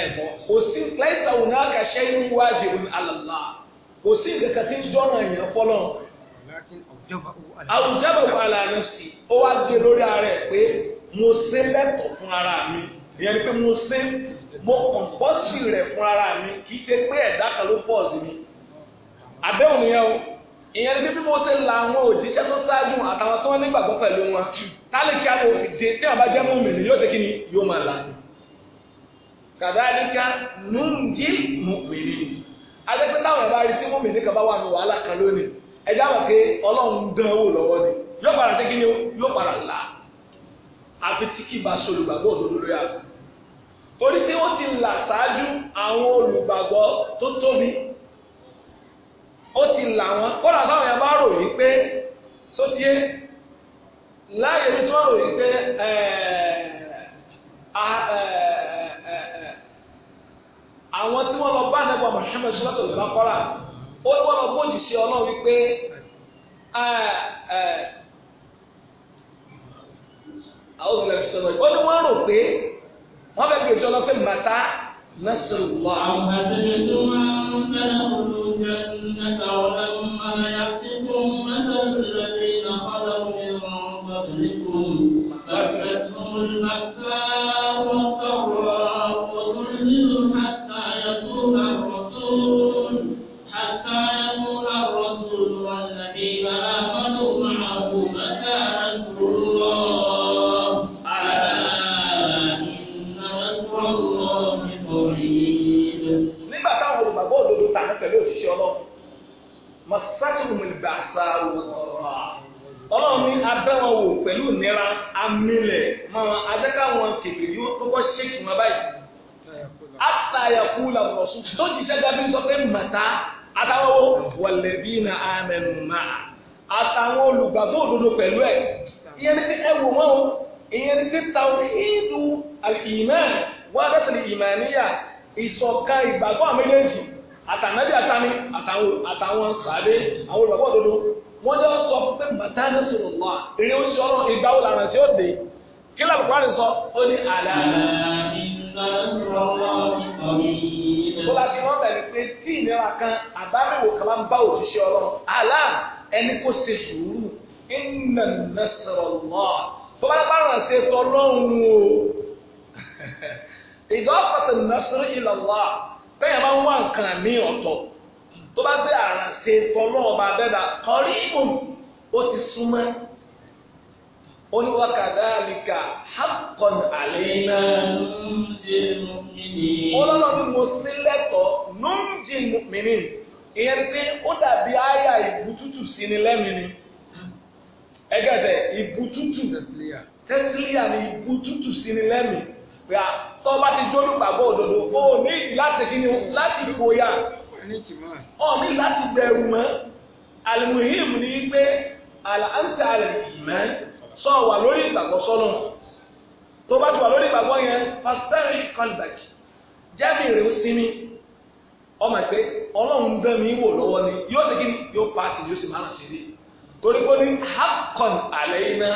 ẹ̀bọ̀ kò sí lẹ́sà òun náà kà ṣe ń òun àlàlà kò sí nǹkan tí ń jọ́nà èèyàn fọ́lọ́ àwùjọ bàbá àlàáfíì ó wá gbé lórí ara ẹ̀ pé mo se lẹ́tọ̀ fún ara mi ìyẹn ni pé mo se mo kọ̀m̀pọ́sì rẹ̀ fún ara mi kì í ṣe pé ẹ̀dá ló mi àdéhùn nìyẹn o ìyẹn ni pé bí mo la àwọn òjíṣẹ́ tó ṣáájú àtàwọn tó wọ́n nígbàgbọ́ pẹ̀lú wọn tálíkì àti dị dé tí àbá jẹ́ ni yóò ṣe kí ni yóò máa la táwọn ẹ̀bá rí tí ní kaba wà ní wàhálà kan lónìí ẹ̀dá wà àfi tí kì bá ṣolùgbàgbọ́ òdodo lórí àgọ́ torí pé ó ti là ṣáájú àwọn olùgbàgbọ́ tó tóbi ó ti là wọn kódà táwọn yẹn bá rò yìí pé sótíé láàyè tí wọ́n rò yìí pé eh, ah, eh, eh, àwọn tí wọ́n lọ bá nẹ́gbà Muhammad sọ́tò lọ́kọ́ra ó wọ́n lọ bójì sí ọlọ́run wípé àwọn òbí rẹ̀ sọ̀rọ̀ ó ní wọ́n rò pé wọ́n fẹ́ gbèsè ọlọ́ pé màtá nasarullah. àwọn àtẹ̀lẹ́tò máa ń fẹ́ràn olùjẹ́ nígbà wọn pẹ̀lú ìnira amílẹ̀ máa adẹ́káwọn kèké yóò kọ́kọ́ ṣéèkì wọn báyìí. àtàyàkú làwọn ọ̀sùn tó jíṣẹ́ dábí sọ pé màtá àtàwọn wọ̀lẹ̀bí na amẹnu máa àtàwọn olùgbàgbọ́ òdodo pẹ̀lú ẹ̀ ìyẹn ní pé ẹ wò wọ́n o ìyẹn ní pé tàwíìdù ìmán wọ́n adẹ́tẹ̀lẹ̀ ìmánìyà ìṣọ̀kan ìgbàgbọ́ àmì wọ́n yọ sọ fún pé màtáni sọ̀rọ̀ mọ́ a èrè oṣù ọ̀rọ̀ ìgbà wo làwọn ẹ̀sìn òde kí lóò kọ́ ni sọ ó ní àlá. bọ́lá tí wọ́n bẹ̀rẹ̀ pé tí ìnira kan àbáwò kan máa ń bá òṣìṣẹ́ ọlọ́run àlá ẹni kò ṣe sùúrù ìnà nasọ̀rọ̀ mọ́ a bá ràn ṣe tọ́ lọ́hùn o tó bá gbé àrànṣe tọ́lọ́ọ̀bà bẹ́ẹ̀dà kọrí ìbùn ó ti súnmọ́ ó ní wa kadhalika haqqan alaina ó lọ́nà bí mo sí lẹ́tọ̀ọ́ nunji mu'minin ìyẹn pé ó dàbí àyà ìbútútù sí ni lẹ́mìíní ẹgẹ́dẹ̀ ìbútútù tẹ́sílíà ni ìbútútù sí ni lẹ́mìí pé àtọ́ bá ti jólúgbàgbọ́ òdodo ó ní láti kí ni láti kó yá ọ̀mí láti bẹ̀rù mọ́ alimuhim ni pé àǹtà alìmọ́ sọ wà lórí ìgbàgbọ́ sọ́nà tó bá ti wà lórí ìgbàgbọ́ yẹn pastẹ́rì kọlbàkì jẹ́mi rèé sinmi ọmọ pé ọlọ́run bẹ́ mi wò lọ́wọ́ ni yóò sì kí yóò paasi yóò sì máa sí rí torí pé ní hakon àlẹ́yìnà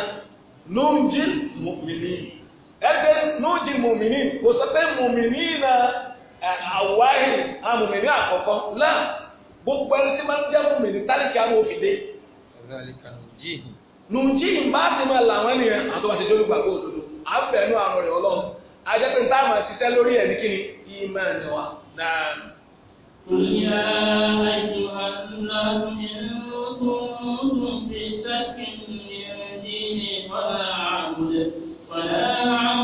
nùjí mùmìnì ẹgbẹ́ nùjí mùmìnì kò sọ pé mùmìnì náà àwáyé amòmìnir àkọ́kọ́ náà gbogbo ẹni tí máa ń jẹ́ mòmìnir tálíkì àwọn òfìdé. nùjíì bá ti máa làwọn ènìyàn àti wàṣẹ jólúgba kó òdodo à ń bẹ̀ẹ́nu àrùn rẹ̀ ọlọ́run ajẹ́pẹ́ tá a máa ṣiṣẹ́ lórí ẹ̀ ní kíni ìmọ̀ ẹ̀ náà náà. Ìyá àjùwà náà ní كنتم في شك من ديني فلا أعبد فلا أعبد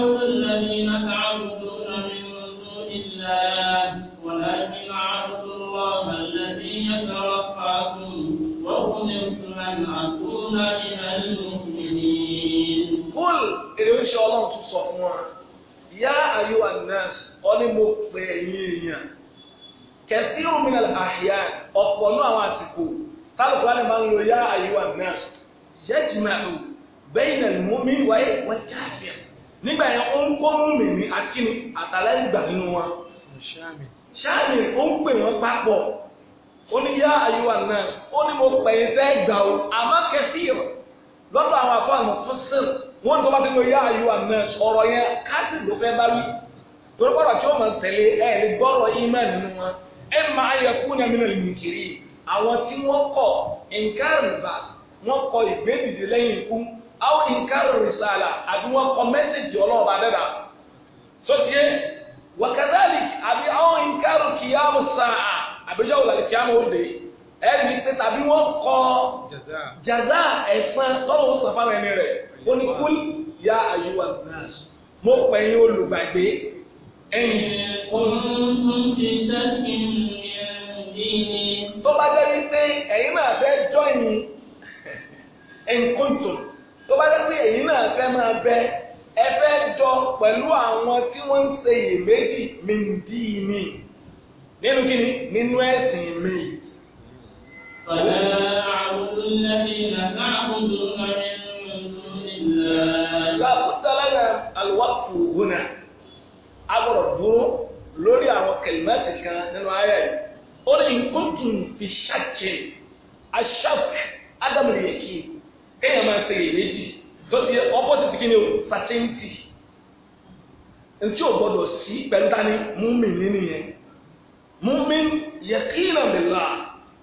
òjíṣẹ́ ọlọ́run tún sọ fún wa yá ayé wa nurse ọní mo pè ẹ̀yìn èèyàn kẹfí òmìnira àhíyá ọ̀pọ̀ náà àwọn àsìkò kálukú àti máa ń lo yá ayé wa nurse yẹ́jìmáà bẹ́yìn náà mọ́mí wáyé wọ́n káfíà nígbà yẹn ó ń kó mùmí ní àtìkíni àtàlẹ́gbà nínú wa ṣáàmì ó ń pè wọ́n papọ̀ ó ní yá ayé wa nurse ó ní mo pè é fẹ́ gbà ó àmọ́ kẹfí lọ́dọ̀ àwọn afọ àmọ́ fún sílẹ̀ wọ́n tó bá ti lọ yá ayò àná ọ̀rọ̀ yẹn káàtì ló fẹ́ bá wí torí pọ̀rọ̀ tí wọ́n máa tẹ̀lé ẹ̀ lè gbọ́rọ̀ iman nínú wọn ẹ̀ máa yẹ kú ní amínà lè kiri àwọn tí wọ́n kọ̀ nkárìbà wọ́n kọ̀ ìgbédìde lẹ́yìn ikú àwọn nkárìbà sàlà àbí wọ́n kọ mẹ́sẹ̀gì ọlọ́ọ̀bà dẹ́dà sotie wakadalik àbí àwọn nkárìbà kìyàmù sàà àbíjọ́ wòlà kìyàmù òde ẹ̀rí tàbí wọ́n kọ jaza ẹ̀san tọ́lọ̀ ó sàfàrà ẹni ó ní kúl yá àyùwà nàás mo pè yín olùgbàgbé ẹ̀yin. ọ̀hún ti sẹ́kìn yẹn tó bá jẹ́ wípé ẹ̀yin náà fẹ́ jọ́yìn ẹ̀ńkóńtò tó bá jẹ́ pé ẹ̀yin náà fẹ́ máa bẹ ẹ fẹ́ jọ pẹ̀lú àwọn tí wọ́n ń ṣe iyèméjì mi ń dí i ní nínú kí ni nínú ẹ̀sìn mi. Fàlẹ́ àbúrò lẹ́yìn náà náà kò dùn náà. làbúdàlá na alwaqfu húnà a gbọ́dọ̀ dúró kan nínú ayé yìí ó ní nkóntùn fi ṣàkè aṣak ádámùlẹ̀yẹ̀kì kéèyàn máa ṣe ìrèjì ti o certainty ntí o gbọ́dọ̀ sí pẹ̀ntání múmi nínú yẹn múmi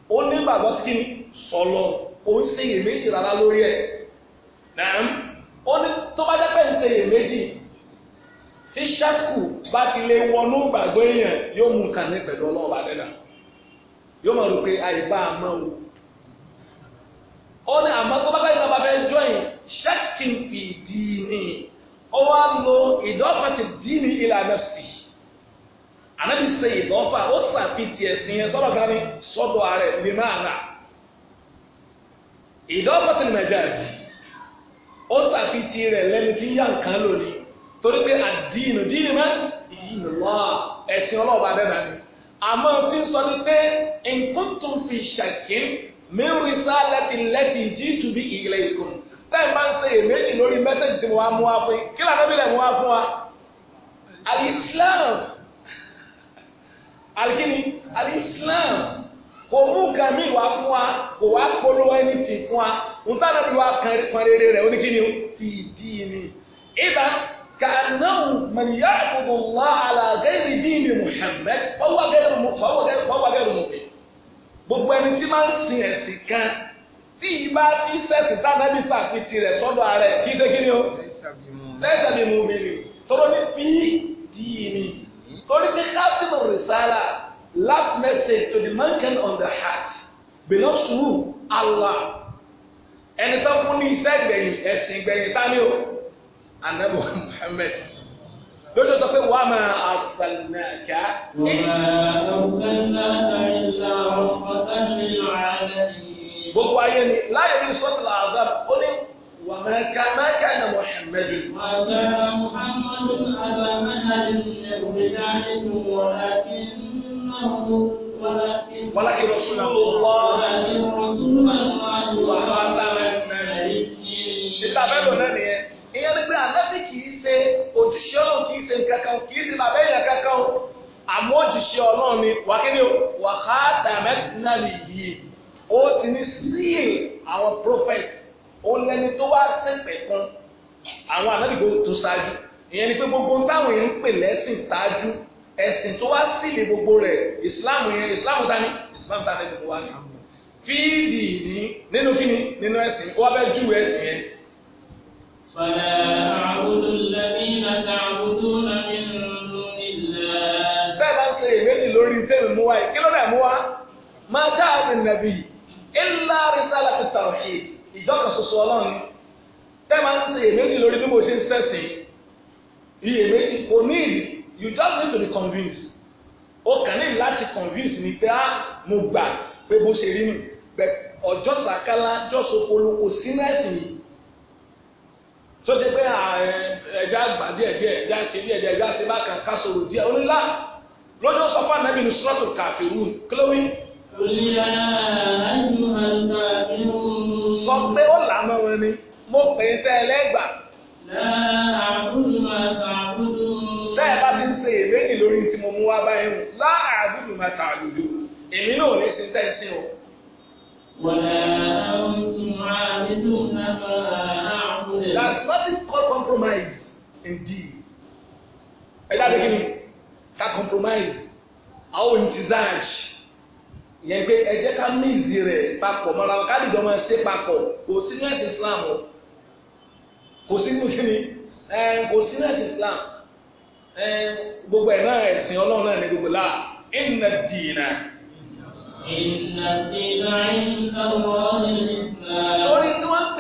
ó ní gbàgbọ́ sí ni sọlọ ó ń ṣe ìrèjì rárá lórí ẹ̀ náà. ó ní tó bá jẹ́ ń tí ṣẹ́kù bá ti lè wọnú gbàgbọ́ èèyàn yóò mú nǹkan ní pẹ̀lú dẹ́dà yóò mọ̀ rò pé àyíká àmọ́ o ó ní àmọ́ tó bá fẹ́ ìlànà bá fẹ́ jọyìn fi ó wá lo ìdọ́fà ti ìlànà sí ṣe ìdọ́fà ó yẹn ó sàfitì rẹ̀ lẹ́ni tí yá nǹkan lò ní torí pé àdínù dínú mẹ́ ìyínú wá ẹ̀sìn ọlọ́ọ̀bá dẹ́dà ni àmọ́ tí ń sọ ní pé nǹkan tó ń fi ṣàkín mẹ́rin sáàlẹ́tì lẹ́tì jí tùbí ìlẹ̀ ìkùn tẹ́ẹ̀ bá ń ṣe èméjì lórí mẹ́sẹ̀jì tí mo wá mú wá fún yín kí lànà bí lẹ̀ mú wá fún wa alìsílám alikini alìsílám kò mú nǹkan wá fún wa kò wá polówó ẹni tì fún wa ń tá àná ìwà kan rere rẹ̀ oníkíni o ti dì ní. ìbá kànáwó mẹ̀lìyà àkókò ńlá àlàgẹ́rì dìínì Muhammad fọwọ́gẹ́rù mọ̀kẹ́ gbogbo ẹni tí máa ń sin ẹ̀sìn kan tí ìbá ti sẹ́sìn tánàbí sàfitì rẹ̀ sọ́dọ̀ ààrẹ kí ṣe kí ni o lẹ́sẹ̀ mi mú mi ni tọ́lọ́ ní fi dìí torí pé kásìmù rìsára last message to the man can on the heart belongs to Allah ẹni tó fún ní iṣẹ́ gbẹ̀yìn ẹ̀sìn gbẹ̀yìn tání o anabu muhammed lójú sọ pé wà á máa arsalnaka. gbogbo ayé ni láyé ní sọ́tù làzab ó ní wà máa ká máa ká ní muhammed. wà á gbà muhammed abba mahali ẹ̀rùbẹ̀dá nínú wọ̀lá kí nínú wọ̀lá kí. wọ́n láti rọ̀ sùn náà. wọ́n láti rọ̀ sùn náà tàbẹ́ lò náà nìyẹn ìyẹn ni pé ànábì kì í ṣe òjíṣẹ́ ọlọ́run kì í ṣe nǹkankan kì í ṣe bàbá èèyàn kankan o àmọ́ òjíṣẹ́ ọlọ́run ni wà kí ni wà ká dàmẹ́ náà nìyí ó ti ní síyè àwọn prophet ó lẹ́ni tó wá sẹ́pẹ̀ kan àwọn ànábì tó ṣáájú ìyẹn ni pé gbogbo táwọn èèyàn ń pè lẹ́sìn ṣáájú ẹ̀sìn tó wá sílè gbogbo rẹ̀ ìsìláàmù yẹn ìsìláàmù dání ìsìláàmù dání tó wá ní fíìdì ní nínú kíni nínú ẹ̀sìn ó wá fẹ́ júwe ẹ̀sìn yẹn bẹ́ẹ̀ bá ń ṣe èméjì lórí tẹ́mi mú wáyé kí ló dẹ̀ mú wá máa tá a rìn nàbí illa risalatu tawhid ìjọkàn ṣoṣo ọlọ́run tẹ́ẹ̀ máa ń ṣe èméjì lórí bí mo ṣe ń sẹ́sìn iyèméjì kò ní ìdí ah, ọjọ́ sàkálà jọ́sọ̀pọ̀ ló kò sí ẹ̀sìn yìí tó ti pé ẹja àgbà díẹ̀ díẹ̀ ẹja ṣe díẹ̀ díẹ̀ ẹja ṣe bákan kásòrò díẹ̀ ó ní lá lọ́jọ́ sọ́fà nàbì ní sọ́tò kàfírùn kílówì. sọ pé ó lànà wọn ni mo pè é tẹ́ ẹ lẹ́gbàá. tẹ́ ẹ bá ti ń ṣe èméjì lórí tí mo mú wá báyìí mu láàbùdù máa tà lójú èmi náà ò ní ṣe tẹ́ o. wọ́n á tún máa bí That's there is nothing called compromise indeed. ẹ dáadé kí ni ká compromise àwọn ìntìzáàj yẹn pé ẹ jẹ́ ká míìzì rẹ̀ papọ̀ mọ́ra ká lè jọ máa ṣe papọ̀ kò sí ní ẹ̀sìn Islam kò sí ní kíni kò sí ní ẹ̀sìn Islam gbogbo ẹ̀ náà ẹ̀sìn Ọlọ́run náà ní gbogbo láà ìnà dìínà. ìnà dìínà ìnà wọ́n ní Islam. torí tí wọ́n.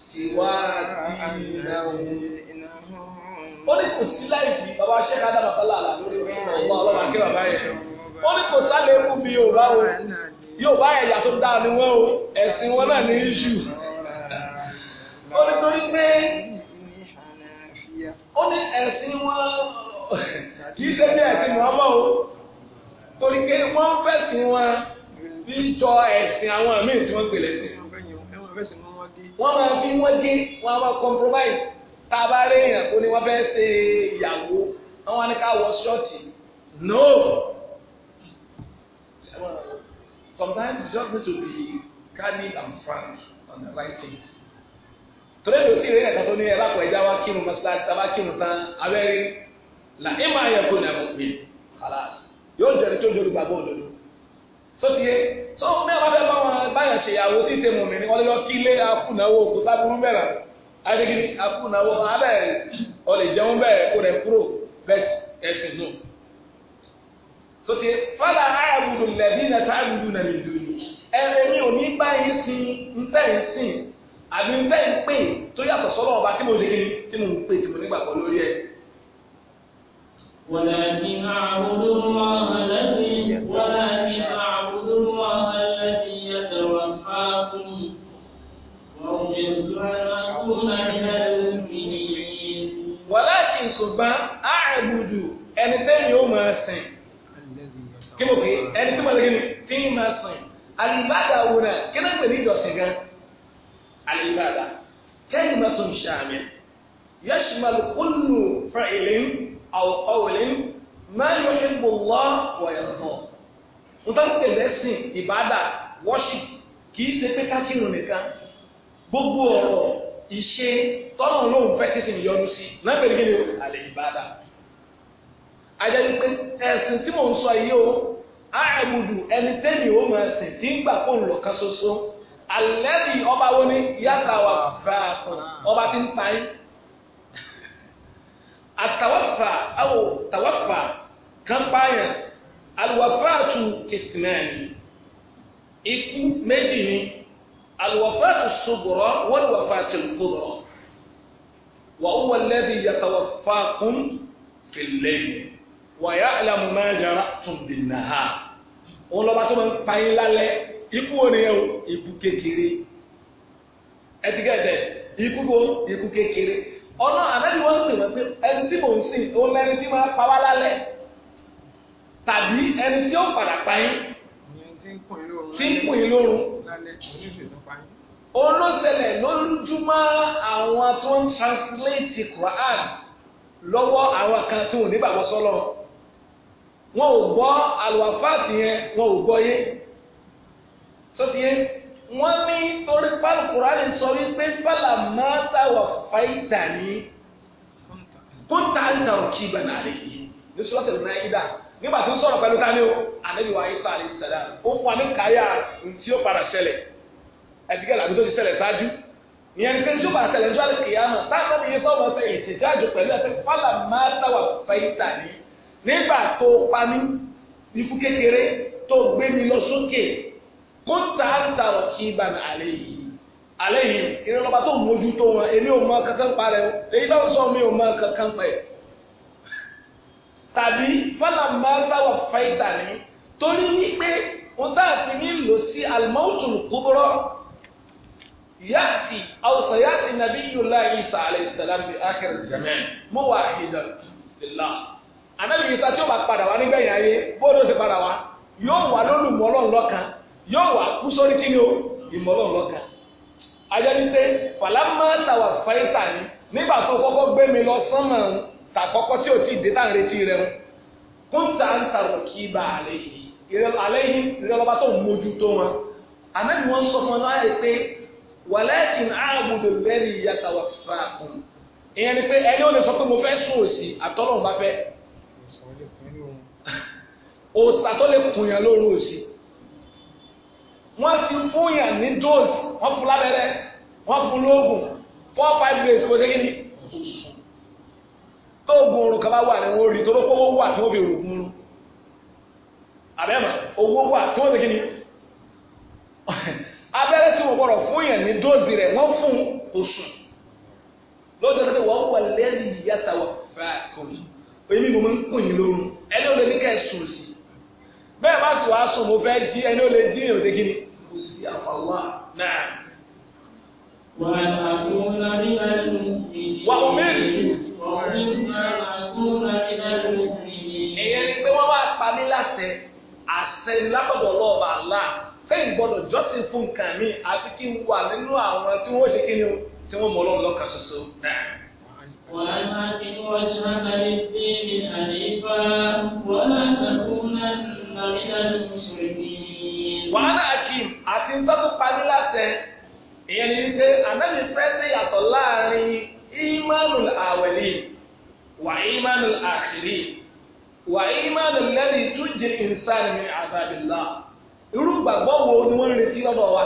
siwáàdì ìnáwó. ó ní kò sí láìsí bàbá sẹ́ka dá bàbá làlà lórí ọ̀sán ọ̀gbọ́n ọlọ́run akẹ́ bàbá yẹn. ó ní kò sálẹ̀ ikú bí yorùbá o yorùbá ẹ̀yà tó dáa ni wọ́n o ẹ̀sìn wọn náà ní iṣu. ó ní torí ní ẹ̀sìn kì í ṣe bí ẹ̀sìn mọ́mọ́ o torí pé wọ́n fẹ̀sìn wọn bí jọ ẹ̀sìn àwọn míì tí wọ́n gbèlè sí wọ́n máa fi wọ́n gé wọ́n á máa compromise tá a bá rí èèyàn tó ní wọ́n fẹ́ ṣe ìyàwó àwọn ni ká wọ ṣọ́ọ̀tì no sometimes you just need to be candid and frank on the right things torí ló ti rí ẹ̀ka tó ní ẹ̀ lápò ẹ̀já wa kírun mọ́ṣáláṣí tá a bá kírun tán abẹ́rẹ́ la ẹ̀ máa ní ẹ̀ pé kàlá yóò jẹ́rìí tó jẹ́rìí gbàgbọ́ òdodo. sótìyé tó ní àwọn abẹ́ bá wọn báyà ṣèyàwó tí ṣe mọ̀mí ni lé lọ kí ilé akúnáwó kò sábúrú bẹ̀rẹ̀ adégiri akúnáwó abẹ́ ọ̀lẹ̀ jẹun bẹ́ẹ̀ kó rẹ̀ kúrò bẹ́ẹ̀ ẹ̀sìn nù. àbí tó ọba tí mo ṣe kiri tí mo tí ṣùgbọ́n àgùdù ẹni tẹ́yìn ó máa sìn kí mo pè é ẹni tí mo lè tí ń máa sìn àlìbàdà wo náà kí ló ń pè ní ìjọsìn gan àlìbàdà kẹ́yìn máa tún ṣàmì yashmal kullu fa'ilin aw qawlin ma yuhibbu Allah wa yarda nǹkan pè lẹ́sìn ìbàdà worship kì í ṣe pé kákìrù nìkan gbogbo ọ̀rọ̀ ìṣe tọ́lọ́run lóun fẹ́ títí ìyọnu sí náà pẹ̀lú kí ni àlè ìbádà ajẹ́ wípé ẹ̀sìn tí mò ń sọ yìí o àìbùdù ẹni tẹ́lẹ̀ ó máa sìn tí ń gbà kó ń lọ kan ṣoṣo àlẹ́bí ọba wo ni yàtà wà fà kàn ọba ti ń pa yín àtàwàfà àwò tàwàfà kan pààyàn àlùwàfà tù kìtìmẹ́ẹ̀lì ikú méjì ni. الوفاة الصغرى والوفاة الكبرى وهو الذي يتوفاكم في الليل ويعلم ما جرأتم بالنهار òun lọ́ba tó máa ń pa yín lálẹ́ ikú wo nìyẹn o ikú kékeré ẹtìkẹ́tẹ̀ ikú wo ikú kékeré ọ̀nà ànábi wọ́n pè wọ́n pé ẹni tí mò ń sìn òun lẹni tí máa pa wá lálẹ́ tàbí ẹni tí ó padà pa yín tí ń kùn yín lórun lálẹ́ oníṣẹ́ tó pa yín. olóṣèlè lójúmọ́ àwọn tó ń translate Quran lọ́wọ́ àwọn kan tó ní bàbá sọ́lọ́ wọn ò gbọ́ àlùwàfáàtì yẹn wọn ò gbọ́ yé sọ́tìyé wọ́n ní torí pálí Quran sọ wípé fàlà máa ta wà ní kúntà ń ta òkì ìgbà náà lè yí ní sọ́tìlì náà yí nígbà tí ó sọ̀rọ̀ pẹ̀lú tani o anabi wa isa alayhi salam o fún wa ní káyà ntí ó padà ṣẹlẹ̀ ẹ̀dígẹ́ làbí tó ti ṣẹlẹ̀ ṣáájú ìyẹn pé para ó padà o ní ọjọ́ kìyàmà táwọn ọmọ yìí sọ̀rọ̀ ṣe ìṣèjáde pẹ̀lú ẹ̀fẹ́ fàlà máa tàwà fẹ́ẹ́tà ní nígbà tó pa ní ifú kékeré tó gbé mi lọ sókè kó ta á ta ọ̀ kí ibàn àlẹ́ yìí àlẹ́ yìí ìrìnlọ́ba tó mójú tó wọn èmi ò mọ kankan pa rẹ èyí bá sọ mi ò mọ kankan pa yìí tàbí fọlàmà táwọn fàìtà ní torí wípé wọn tá a fi ní lò sí alimọ́tò kúbọ́rọ́ yàtì àwùsàn yàtì nàbí yòlá Ìsá alayhi salam bi akhir zaman muwahidan lillah ànábì Ìsá tí ó bá padà wá nígbẹ̀yìn ayé bóòdó sì padà wá yóò wà lólùmọ́lọ́ lọ́kan yóò wà kú sórí kí ni o ìmọ́lọ́ lọ́kan fàlámà táwọn fàìtà ní nígbà tó kọ́kọ́ gbé mi lọ sánmà tàkọ́kọ́ tí ò tí ì dé tá à ń retí rẹ̀ ń kóńtà ń tàrọ̀ kí bá alẹ́ yìí alẹ́ yìí ìrẹ́lọ́ba tó ń mójú tó wọn àmẹ́ni wọ́n sọ fún ọ láyé pé wàlẹ́kìn ààbùdó lẹ́rì ìyàtà wà fàákùn ìyẹn ni pé ẹni ó lè sọ pé mo fẹ́ sún òsì àtọ́lọ́hún bá fẹ́ òsà tó lè kùnyàn lóru òsì wọ́n ti fún yàn ní dose wọ́n fún lábẹ́rẹ́ wọ́n fún lóògùn four five days kò sí ni tó gun orun kan bá wà ní wọ́n rí tó ló kówó wà tí wọ́n fi rò gun orun àbẹ́mọ̀ owó wà tí wọ́n fi kíni abẹ́rẹ́ tí wọ́n gbọ́dọ̀ fún yẹn ní dóòzì rẹ̀ wọ́n fún oṣù lọ́jọ́ tó wọ́n wà lẹ́yìn ìyáta wà fà kọ́ni èmi mo máa ń kùn yín lórun ẹni ò lè ní kẹ́ẹ̀ sùn sí bẹ́ẹ̀ má sì wàá sùn mo fẹ́ jí ẹni ò lè jí ìrìn òde kíni kò sí àfàwà náà. wà á kún lárí lárí mi. wà á mú mi rìn jù èyàn ni pé wọ́n wá pa mí láṣẹ àṣẹ lábọ̀dọ̀ lọ́ọ̀bà Allah pé ìgbọ́dọ̀ jọ́sìn fún nǹkan mi àfi kí n wà nínú àwọn tí wọ́n ṣe kí ni tí wọ́n mọ̀ Ọlọ́run lọ́kàn ṣoṣo. وأن أقم وجهك للدين حنيفا ولا تكونن من المشركين. وأنا أقم àti ń tọ́kùn pa mí láṣẹ ìyẹn ni wípé ànábì fẹ́ sí ìyàtọ̀ láàrin imanul awali wa imanul akhiri wa imanul ladhi tunji insan min azabillah irú gbàgbọ́ wo ni wọ́n retí lọ́dọ̀ wa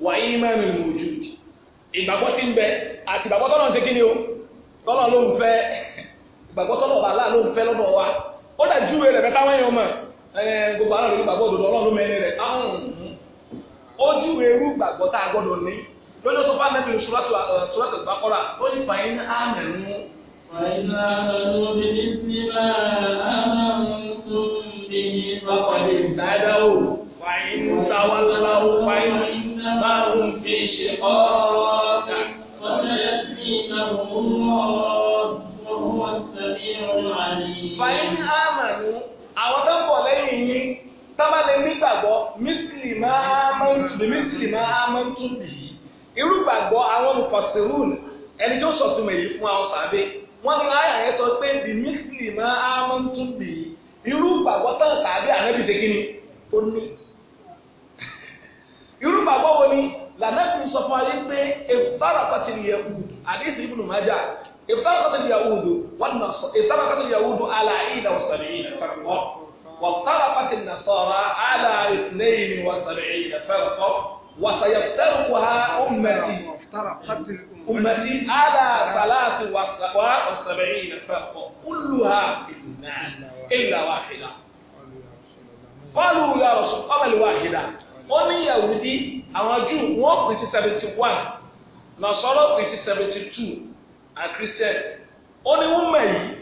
wa ìgbàgbọ́ tí ń bẹ àti ìgbàgbọ́ tọ́lọ̀ ń ṣe kí ni o tọ́lọ̀ ló ń fẹ́ ìgbàgbọ́ tọ́lọ̀ ló ń fẹ́ lọ́dọ̀ wa ó dà júwe rẹ̀ èèyàn mọ̀ gbogbo òdòdó ọlọ́run ojú eru gbàgbọ́ tá a gbọ́dọ̀ ní lọ́jọ́ tó bá mẹ́bí sọ́lọ́tò bákọ́rà ó ní fàyín àmẹ́nu. fàyín àmẹ́nu bí ní sinimá àmẹ́nu tún bí ní fàkọ́lé ìdádáwò fàyín tawàláwò fàyín bá òun fi ṣe ọ́ọ́dà fọ́tẹ́lẹ́ sí ìnáwó ọ̀hún sẹ́mi ọ̀hún àlè. fàyín àmẹ́nu àwọn tó ń bọ̀ lẹ́yìn yín tábàlẹ̀ nígbàgbọ́ mí bímísìlì máa mọ́ tún bì í irúgbàgbọ́ àwọn mùkọ̀sìrún ẹni tó sọ̀túnmọ̀ èyí fún àwọn sàbẹ̀ wọ́n ní láyà yẹn sọ pé bímísìlì máa mọ́ tún bì í irúgbàgbọ́ tán sàbẹ̀ ànábì ṣe kíni tó ní. irúgbàgbọ́ wo ni lànàkùn sọ fún ayé pé ìfára pàtì nìyẹn kù àdéhùn ibùdó máa jà ìfára pàtì nìyẹn kù wọ́n nà sọ ìfára pàtì nìyẹn kù وافترقت النصارى على اثنين وسبعين فرقة وسيفترقها أمتي افترقت أمتي على ثلاث وسبعين فرقة كلها في النار إلا واحدة قالوا يا رسول الله الواحدة wọ́n ní yahudi àwọn júù wọ́n pín sí seventy one nasọ́rọ́ pín sí seventy two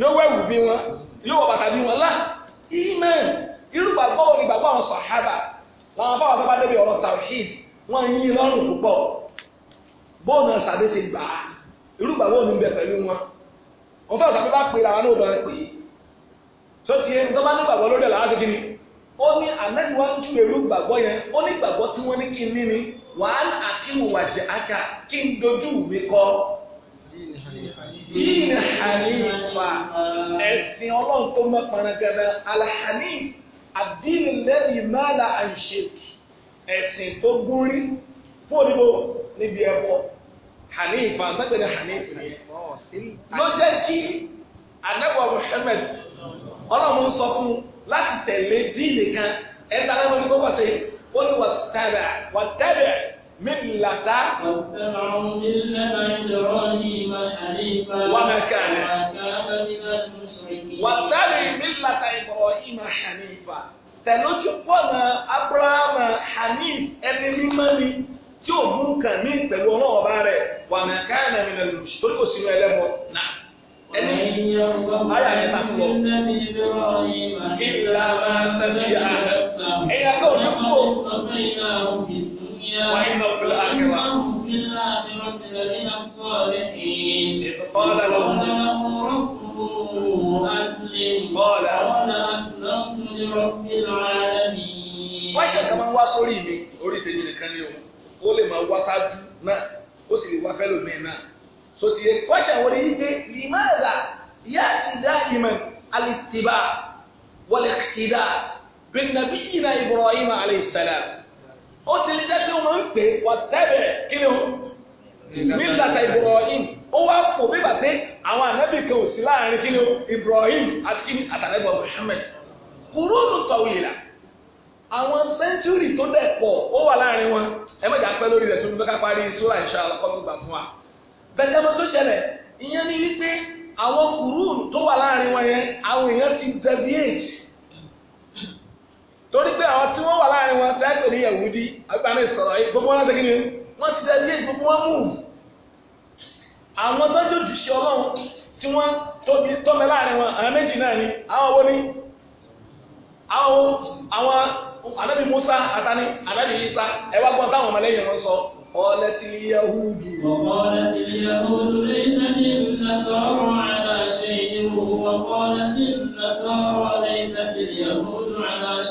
yóò wẹ̀wù bí wọn yóò wọ bàtà bí wọn lá iman irú gbàgbọ́ òní gbàgbọ́ àwọn sàhábà làwọn fáwọn tó bá débi ọ̀rọ̀ tawhid wọ́n ń yí lọ́rùn púpọ̀ bóònù ṣàdé ṣe gbà á irú gbàgbọ́ òní bẹ pẹ̀lú wọn wọn fẹ́ sàbí bá pè làwọn náà bẹ̀rẹ̀ pè é tó ti yé nítorí bá ní gbàgbọ́ lórí ẹ̀ làwọn ṣe kí ni ó ní ànábì wá ń ju èrú gbàgbọ́ yẹn ó ní gbàgbọ́ tí wọ́n ní kí n ní ni wàá àkíwò wàjẹ́ àkà kí n dojú mi kọ́ dín hanifa ẹ̀sìn ọlọ́run tó mọ́ pọnagẹ́rẹ́ alhanif àdínì lẹ́yìn mọ́lá àǹṣèkì ẹ̀sìn tó gún rí fóònìbò níbi ẹ̀kọ́ hanifa mẹ́tẹ̀lẹ̀ hanifa yẹn ló jẹ́ kí anábọ̀ Muhammad ọlọ́run sọ fún láti tẹ̀lé dín nìkan ẹ̀ta lọ́wọ́ ní kókò sí ó ní wà tẹ́bẹ̀ wà tẹ́bẹ̀ mílàtà. wàmẹ kàní. wàtàbí mílàtà Ibrahim hanifa. tẹ̀lójú pọ̀nà Abrahama hanif ẹni mímọ́ ni tí ò mú nǹkan ní pẹ̀lú ọmọ ọba rẹ̀ wàmẹ kàní minal mushrikin torí kò sínú ẹlẹ́mọ náà ẹni ayà yẹn ta ìlànà sẹ́sì ẹ̀yà kan ò ní وإنه في الآخرة في الآخرة لمن الصالحين قال له ربه أسلم قال أنا أسلمت لرب العالمين wọ́n ṣe kàn máa ń wá sórí mi orí ìtẹ̀yìn nìkan ni o ó lè máa wá sáájú náà ó sì lè wá fẹ́lòmíì náà sotí yẹ wọ́n ṣe àwọn èyí pé limaza yá ti dá ìmọ̀ alìtìbá wọlé tìdá bin nabiyina Ibrahim alayhi salam. ó sì lè jẹ́ pé wọ́n ń pè wà tẹ́lẹ̀ kí ni o mílíọ̀tà Ibrahim ó wá fò bí bàtẹ́ àwọn ànábì kan ò sí láàrin kí ni Ibrahim àti àtàlẹ́gbọ̀n Muhammad kúrò ló tọ̀ wí là àwọn sẹ́ńtúrì tó dẹ̀ pọ̀ ó wà láàrin wọn ẹ mẹ́jà pẹ́ lórí rẹ̀ tó ń bẹ́ ká parí sóra ìṣá ọlọ́kọ́gbà fún wa bẹ́sẹ̀ mọ́ tó ṣẹlẹ̀ ìyẹn ni wípé àwọn kùrùn tó wà láàrin wọn yẹn àwọn èèyàn ti deviate torí pé àwọn tí wọ́n wà láàrin wọn tẹ́gbẹ̀ ní yahudi agbáni sọ̀rọ̀ yìí gbogbo wọn lọ́sẹ̀kí ni wọ́n ti dẹ́lé gbogbo wọn mú àwọn tọ́jú òjìṣẹ́ ọlọ́run tí wọ́n tóbi tọ́mẹ láàrin wọn àwọn méjì náà ni àwọn owó ní àwọn àwọn anábì musa àtàní anábì isa ẹwà gbọ́n táwọn ọmọlẹ́yìn wọn sọ ọlẹ́tì yahudi. ọ̀pọ̀lọpọ̀ yahudi lè ní ìlú nasọ́rọ̀ àdáṣe ìlú ọ̀pọ̀lọpọ̀ nasọ́rọ̀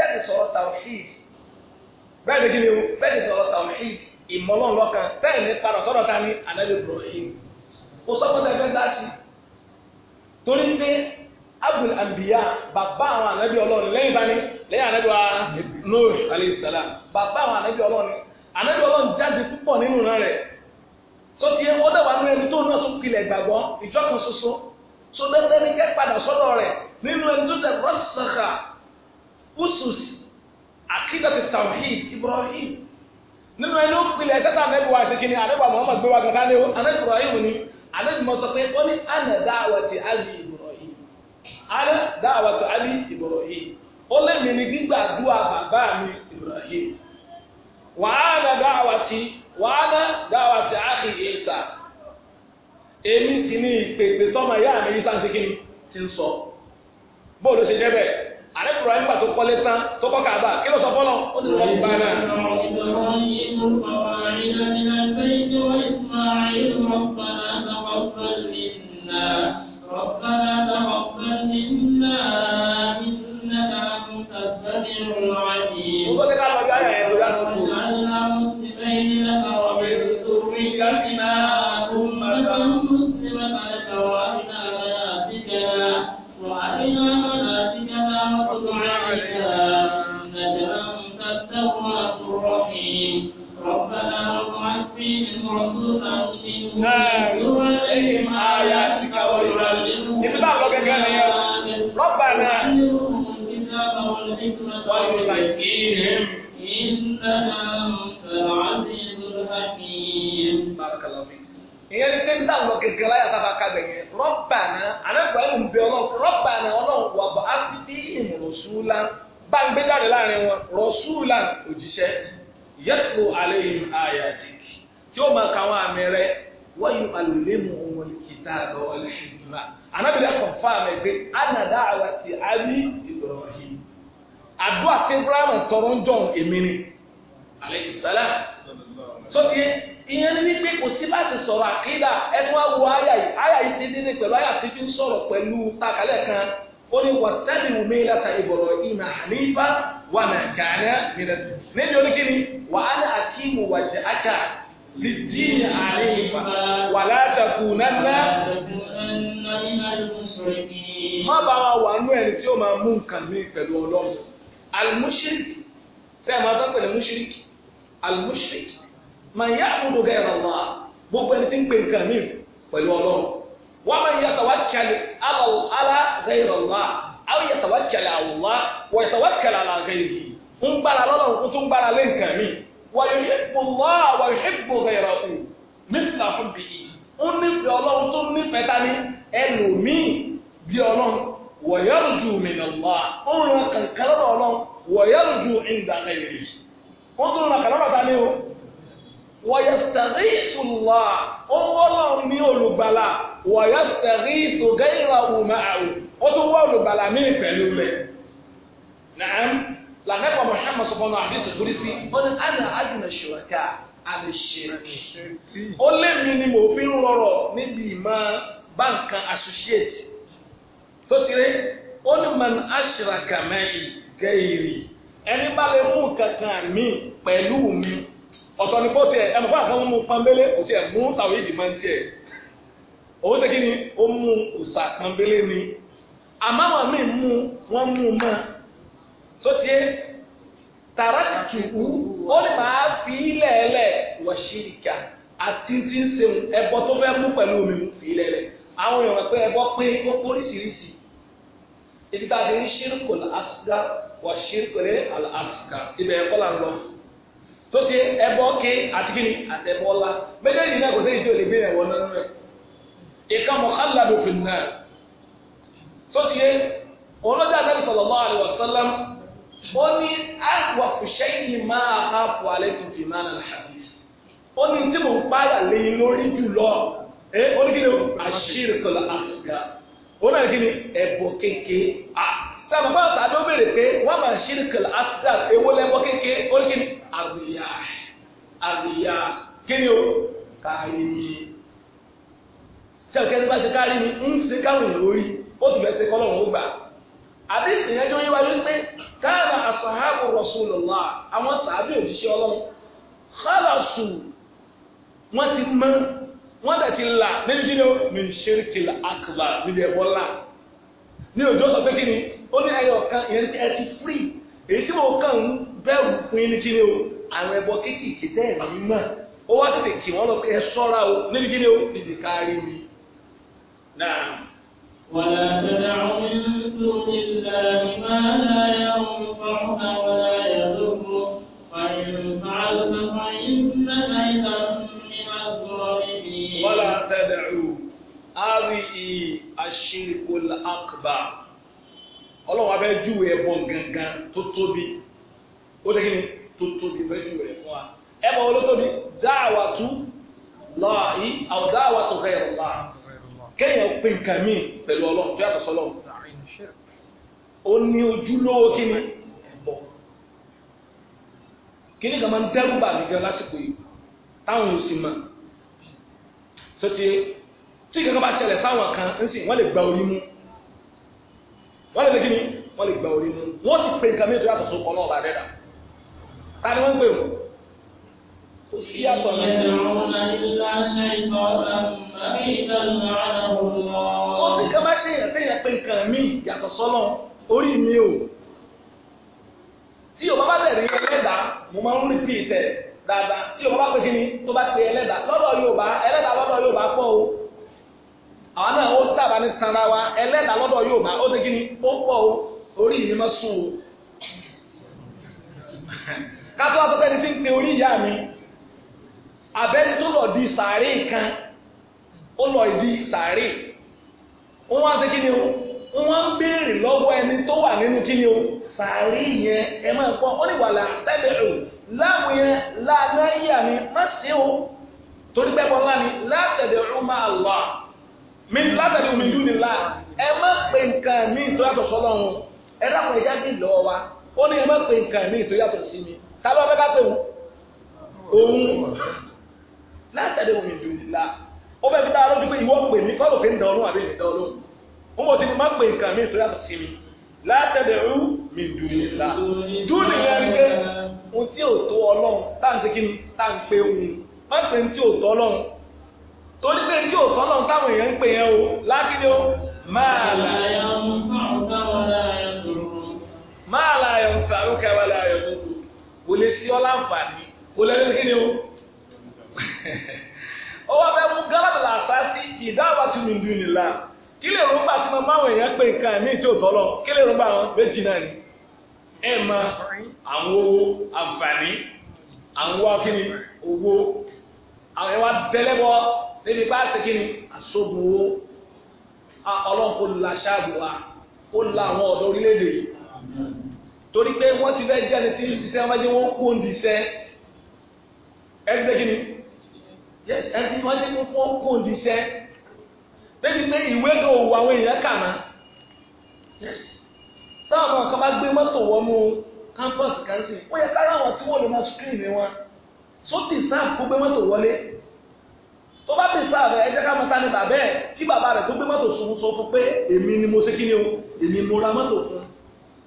bẹ́ẹ̀ ti sọ̀rọ̀ tawhid bẹ́ẹ̀ ni kí ni o bẹ́ẹ̀ ti sọ̀rọ̀ tawhid ìmọ̀lọ́n lọ́kàn bẹ́ẹ̀ ni padà sọ̀rọ̀ ta ni anabi ibrahim kò sọ́kọ́tà ẹgbẹ́ dá sí torí pé abdul anbiya bàbá àwọn anabi ọlọ́run lẹ́yìn bá ní anabi wa nuh alayhi bàbá àwọn anabi ọlọ́run anabi ọlọ́run jáde púpọ̀ nínú rẹ̀ sọ́kì ẹ̀ wọ́n dẹ̀wà nínú ẹni tó náà tún pilẹ̀ gbàgbọ́ ìjọ́kan ṣoṣo so kẹ́ padà sọ́dọ̀ rẹ̀ nínú ẹni tó tẹ̀ rọ́ṣàkà usus akidat tawhid ibrahim nínú ẹni ó pilẹ̀ ẹ̀ṣẹ́ tá kí ni ànábì muhammad gbé wa gàdá ni ó ànábì ibrahim ni ànábì mọ sọ pé ó ní àná dáwàtì ali ibrahim àná dáwàtì ali ibrahim ó lé mi ní bàbá mi ibrahim wàá dáwàtì wàá dáwàtì akhi èmi sì mi kí ni ti ń sọ bóòlù ṣe jẹ́ àlẹ́ Ibrahim bá tó kọ́lé tán tó kọ́ kí ló sọ ó ní wọ́n gbà náà. ربنا تقبل منا إنك أنت السميع yatlu alayhim ayatik tí ó máa ka àwọn àmì rẹ wọ́n yóò alùlẹ́mù wọn kìtà lọ́wọ́ lẹ́yìnmá anábìlẹ̀ confam ẹ̀ pé anàdá àwa ti àbí Ibrahim àdúrà tí Ibrahim tọrọ ń dọ̀n èmi ni ìyẹn ní wípé kò sí bá ti sọ̀rọ̀ àkídà ẹ̀sùn wa wo yìí àyà yìí ṣe déédéé pẹ̀lú àyà tí fi ń sọ̀rọ̀ pẹ̀lú takalẹ̀ kan ó ní wàtẹ́bí omi láta Ibrahim hanifa wà nà kàánà nínú ẹsẹ̀ níbi oníkíni wà á ní akíìmù wàjẹ àkà lìdí àárín ìfà wà látàkù nánà. má bá wa wà nú ẹni tí ó máa mú nǹkan mi pẹ̀lú ọlọ́run almushrik tẹ́ ẹ̀ máa bá pẹ̀lú mushrik almushrik màá yá àbúrò gẹ́gẹ́ rà wá gbogbo ẹni tí ń pè nǹkan mi pẹ̀lú ọlọ́run wọ́n máa yàtọ̀ wá kẹ́lẹ̀ alá gẹ́gẹ́ rà wá àwọn yẹtàwákẹlẹ àwòwá wọ yẹtàwákẹlẹ àlàgẹyìí ń gbára lọ́lọ́run kó tún gbára lé nǹkan mi wọ yẹtàwákẹlẹ àwòwá yẹtàwákẹlẹ àlàgẹyìí mísìlá fún bìyì ó nífẹ̀ẹ́ ọlọ́run tó nífẹ̀ẹ́ dání ẹlòmíì bí ọlọ́run wa yarju min Allah ó ń ran kankan lọ́dọ̀ ọlọ́run wa yarju inda ghayrihi ó tún ran kankan lọ́dọ̀ wọ̀yẹ̀sítẹ̀rìsù ńlá ọlọ́run ní olùgbàlà wọ̀yẹ̀sítẹ̀rìsù gẹ́yìnrà ọ̀hùnmá àrùn ó tún wọ́n olùgbàlà míì pẹ̀lú rẹ̀. Nàám lànàbà Mùhàmmad sọ̀bọ̀nà àbísọ̀ kúrí sí ó ní àná àdùnà ṣùràkà àlèṣèkì. Ó lémi ni mo fi ń rọrọ̀ níbi ìmọ̀ báǹkà associate. Tó ti rí ó ní man aṣèràkà mẹ́rin gẹ́yìrì ẹni bá lè mú kankan mi pẹ̀lú mi ọ̀tọ̀ ni kó tiẹ̀ ẹnu fún àkàwọn mú pọ́nbélé kò tiẹ̀ mú tàwọn èdè máa ń tiẹ̀ òun ṣe kí ni ó mú òòsà pọ́nbélé ni àmọ́ àwọn míì mú wọ́n mú un mọ́ tó tiẹ̀ tààrà kìkìkù ó lè máa fi ilẹ̀ẹ́lẹ̀ wọ̀ ṣìríkà àti tí ń ṣe ẹbọ tó fẹ́ mú pẹ̀lú omi fi ilẹ̀ẹ́lẹ̀ àwọn èèyàn pé ẹbọ pé ó póríṣiríṣi ibi tá a ti ń ṣírkò àṣìkà wọ̀ ṣírkò ní àṣìkà ibẹ̀ ẹ̀kọ́ là ń lọ tó ti ẹbọ ké àti kíni àtẹbọ ọlá méjèèjì náà kò séyìí tí o lè gbé ẹwọ nínú rẹ ìka mọ̀kálàdù fìnnà tó ti yé òun ló dé àtàlù sallallahu alaihi wasallam ó ní àwọn fìṣẹ́yìn máa ha fò alẹ́ tó fi máa nà hadith ó ní tí mò ń páyà lẹ́yìn lórí jùlọ ẹ eh, ó ní kíni àṣírí kọlá àṣìgá ó náà kíni ẹbọ kéke ah tí a bàbá àtàdé ó béèrè pé wọ́n máa ṣe ní kìlá asdaq ewó lẹ́gbọ́ kékeré ó ní àríyá àríyá kí ni o kárí mi tí a kẹ́sí bá ṣe kárí mi ń ṣe káwọn èèyàn orí ó ti fẹ́ ṣe kọ́lọ́run ó gbà àdéhùn ìyẹn tó yé wáyé pé káàrà asahabu rasulullah àwọn sàábì òjíṣẹ́ ọlọ́run kálàsù wọ́n ti mọ́ wọ́n dẹ̀ là nínú jíjẹ́ mi ṣe kìlá akbar níbi ẹ̀wọ́ ní òjò sọ pé kí ni ó ní ẹyọ kan ìyẹn ẹ ti free èyí tí mo kàn ń bẹ̀rù fún yín ní kí ni o àwọn ẹbọ kéékèèké bẹ́ẹ̀ ní mà ó wá tètè kì wọ́n lọ pé ẹ sọ́ra o níbi kí ni o níbi kárí mi. ولا تدع من دون الله ما لا ينفعك ولا يضرك فإن فعلت فإنك إذا من الظالمين ولا تدع hàlìhì àṣìkòl àkùbà ọlọ́run abẹ́ júwe ẹ̀bọ̀n gangan tó tóbi ó dé kí ni tó tóbi bẹ́ júwe ẹ̀ fún wa ẹ̀bọ̀n olótóbi dáàwà tú lọ́ọ̀yì àwọn dáàwà tó fẹ́ yọ̀ láà kéèyàn pé nǹkan míì pẹ̀lú ọlọ́run tó yàtọ̀ sọ́lọ́run ó ní ojúlówó kí ni ẹ̀bọ̀n kí ni kàmá ń dẹ́rù bà mí gan lásìkò yìí táwọn ò sì mọ̀ sọ́tí tí kankan bá ṣẹlẹ̀ sáwọn kan ń sìn wọ́n lè gba orí mú wọ́n lè gbẹ́gí ni wọ́n lè gba orí mú wọ́n sì pe nǹkan méjì yàtọ̀ sókọ náà bá dẹ́dà ta ni wọ́n ń pè wọ́n kò sí yàtọ̀ náà. ó ti kan bá ṣe yàn téèyàn pe nǹkan míì yàtọ̀ sọ́nà orí mi ò tí o bá bá lè rí ẹlẹ́dàá mo máa ń rìn píì tẹ̀ dáadáa tí o bá bá pe tó bá pe ẹlẹ́dàá lọ́dọ̀ Yorùbá ẹlẹ́dàá lọ́dọ̀ Yorùbá pọ̀ o. àwọn náà ní wa ẹlẹ́dàá yóò bá ó kí ni ó o orí mi sùn o kátó wá tó tí ń pe orí ìyá mi àbẹ́ni tó lọ di sàárè kan ó lọ ìdí sàárè ṣe kí ni o béèrè ẹni tó wà nínú kí ni o sàárè yẹn ẹ máa ó ní o láwọn yẹn mi látàrí omi dùn nílá ẹ má pe nǹkan mi tó yàtọ̀ sọ́lọ́run ẹ dákun ẹ jáde lọ́wọ́ wa ó ní ẹ má pe nǹkan mi tó yàtọ̀ sí mi ta ló fẹ́ ká pè wọ́n òun látàrí omi dùn nílá ó fẹ́ fi dá lójú pé ìwọ pè mí kọ́lù fi ń dán ọlọ́run àbí lè dán ó mọ̀ tí mo má pe nǹkan mi tó yàtọ̀ sí mi látàrí omi dùn nílá dùn nílá ń gbé ohun tí ò tó ọlọ́run tá à ń torí pé tí òótọ́ lọ́n táwọn èèyàn ń pè o lákìlẹ̀ o máa là ń sàrò kẹwàá là yọ̀ tó kò lè sí kò ni o ó wá fẹ́ mú gánà làṣà sí ìdáàbà tí mi dùn nìlá kí lè rún bá tí mo máa pé nǹkan òótọ́ lọ kí lè rún bá wọn méjì náà ni ma àwọn owó àwọn owó owó àwọn ẹwà níbi bá ṣe kí ni àṣọ́gun owó ọlọ́run kò la ṣáàbù wa ó la àwọn ọ̀dọ́ orílẹ̀-èdè yìí torí pé wọ́n ti fẹ́ jẹ́ni tí ń ṣiṣẹ́ wọ́n jẹ́ wọ́n kó ń diṣẹ́ ẹni ṣe kí ni ẹni tí wọ́n jẹ́ wọ́n kó ń diṣẹ́ débi pé ìwé tó wù àwọn èèyàn kà má táwọn ọmọ kan bá gbé mọ́tò wọ́n mú campus kan sí ó yẹ kára àwọn tí wọ́n lè máa screen wọn sódì sáà kó gbé mọ́tò wọlé tó bá ti sáà rẹ̀ ẹjẹ́ ká mọ́ta ní bàbá ẹ̀ kí bàbá rẹ̀ tó gbé mọ́tò sùn sọ fún pé èmi ni mo ṣe kí ni o èmi mo ra mọ́tò fún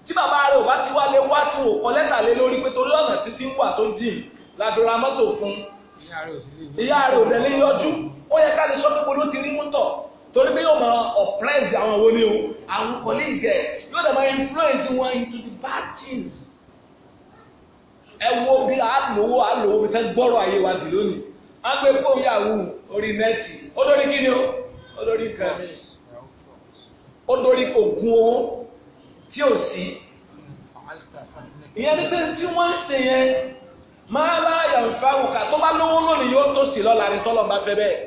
tí bàbá rẹ̀ ò bá ti wá lé wá tí ò kọ́ lẹ́tà lé lórí pé torí ọ̀nà títí ń wà tó jìn láti ra mọ́tò fún ìyá rẹ̀ ò dẹ̀lé yọjú ó yẹ ká lè sọ pé ló ti rí mú tọ̀ torí pé yóò máa ọ̀pẹ́ẹ̀sì àwọn òwe ni o àwọn colleague yóò dẹ̀ máa influence wọn into the bad things ẹ wo bí àlòwò àlòwò mi tẹ́ gbọ́rọ̀ ayé wa dì lónìí á gbé fóònù yahoo orí nẹ́ẹ̀tì ó lórí kí ni ó ó lórí nǹkan mi ó owó tí ò sí ìyẹn ní pé tí wọ́n ń ṣe yẹn máa láàyà ń òkà tó bá lówó lónìí yóò tó sí lọ́la ní fẹ́ bẹ́ẹ̀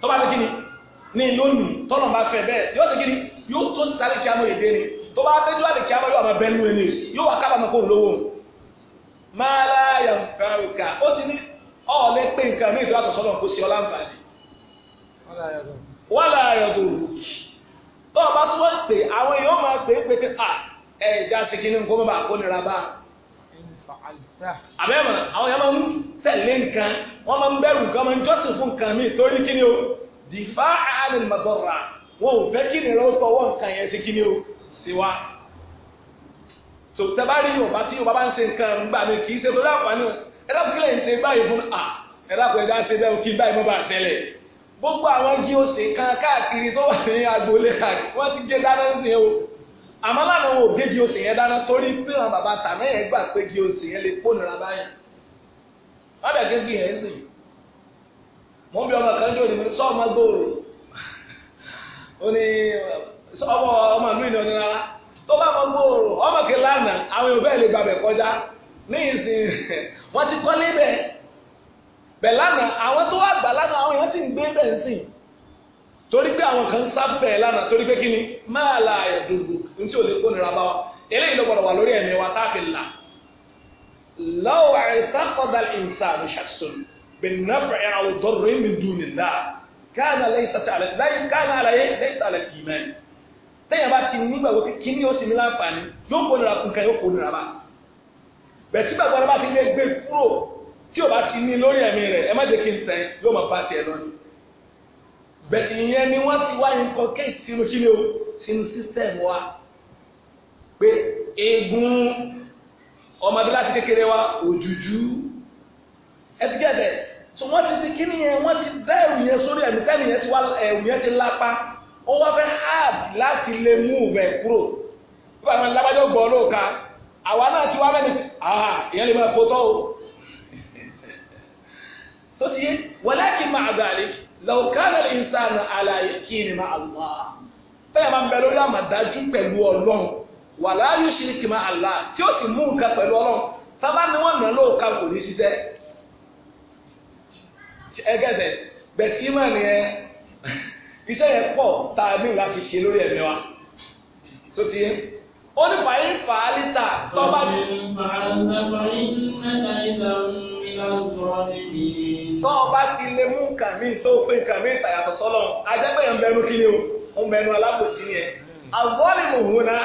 tó bá fi kí ni ní lónìí tọ́lọ̀ bá fẹ́ bẹ́ẹ̀ yóò sì kí ni yóò tó sí sáré kí a mọ̀ èdè ni tó bá dé dúwàlì kí a mọ̀ yóò àmọ́ bẹ́ẹ̀ nínú ẹni yóò wà kábàámọ̀ kó lówó máa láàyà ń fa òkà ó ti ní ọ̀ lè pé nǹkan mi ìtura sọ̀sọ́ lọ kó sí ọ láǹfààní. wọ́n lára yọ̀ tó rù tó o bá tún wọ́n pè àwọn èèyàn máa pè é pé pé à ẹ̀ já sí kí ní nǹkan mọ́ bá kó nira bá. àbẹ́mọ̀ àwọn èèyàn máa ń tẹ̀lé nǹkan wọ́n máa ń bẹ̀rù nǹkan máa ń jọ́sìn fún nǹkan mi torí kí ni o dìfá àánìl mọ̀tọ́ra wọn ò fẹ́ kí nira ó tọwọ́ nǹkan yẹn sí kí ni o sí wa. tòtẹ́ bá rí Yorùbá tí Yorùbá bá ń ṣe nǹkan gbà mí kì í ṣe tó láǹfààní ẹ dákun kílẹ̀ ń ṣe báyìí fún à ẹ dákun ẹ ṣe bẹ́ẹ̀ kí báyìí mọ́ bá ṣẹlẹ̀ gbogbo àwọn jí ó ṣe kan káàkiri tó wà ní agboolé káàkiri wọ́n ti gé dáná ń sìn ó àmọ́ lánàá wọn ò gé jí ó dáná torí pé bàbá yẹn gbà pé jí ó lè nira báyìí wọ́n dẹ̀ yẹn mọ́ bí ọmọ kan sọ ọmọ gbòòrò ó ní ọmọ ọmọ mi nísìn wọ́n ti kọ́lé bẹ́ẹ̀ bẹ́ẹ̀ lánàá àwọn tó wà gbà lánàá àwọn èèyàn sì ń gbé bẹ́ẹ̀ sìn torí pé àwọn kan maala sá bẹ́ẹ̀ lánàá torí pé kí ni máa la ní tí lè kó nira bá wa eléyìí ló gbọdọ̀ wà lórí ẹ̀mí wa tá a fi là insanu shakhsun bin-naf'i aw darrin min dunillah kana laysa ala al-iman bẹ̀tí bàbá rẹ bá ti lè gbé kúrò tí o bá ti ní lórí ẹ̀mí rẹ̀ ẹ má jẹ́ kí n tẹ̀ yóò máa bá tiẹ̀ lọ ni bẹ̀tí ìyẹn ni wọ́n ti wá nǹkan kéèkì sínú kí ni o sínú system wa pé eegun ọmọdé láti kékeré wa òjújú ẹ ti gẹ̀ẹ́dẹ̀ tí wọ́n ti ti kí nìyẹn wọ́n ti bẹ́ẹ̀rù yẹn sórí ẹ̀mí tẹ́mi yẹn ti wá ẹ̀rù yẹn ti lápá ó wá fẹ́ hard láti lè mú rẹ̀ kúrò bí wàá àwa náà ti wá bẹ́ni àà ah, ìyẹn lè máa bótọ́ o tó ti yé walakin ma'a dhalik law kana al-insanu ala yaqini ma'a Allah tẹ́lẹ̀ máa ń bẹ lórí àmàdájú pẹ̀lú ọlọ́run wala yushrik ma'a Allah tí ó sì mú nǹkan pẹ̀lú ọlọ́run tábà ni wọ́n nà lóòka kò ní ṣiṣẹ́ ẹgẹ́dẹ̀ bẹ̀tí mà ni ẹ iṣẹ́ yẹn pọ̀ tá a ní láti ṣe lórí ẹ̀mí tó ti yé ó ní fàyín fàálítà tọ́ba. tọ́ ọba ti lè mú nǹkan tó pé nǹkan tàyàtọ̀ sọ́lọ́ ajẹ́pẹ́ yẹn ń bẹnu kí ni o ń bẹnu alábòsí ni ẹ. àgọ́lì mòhúnà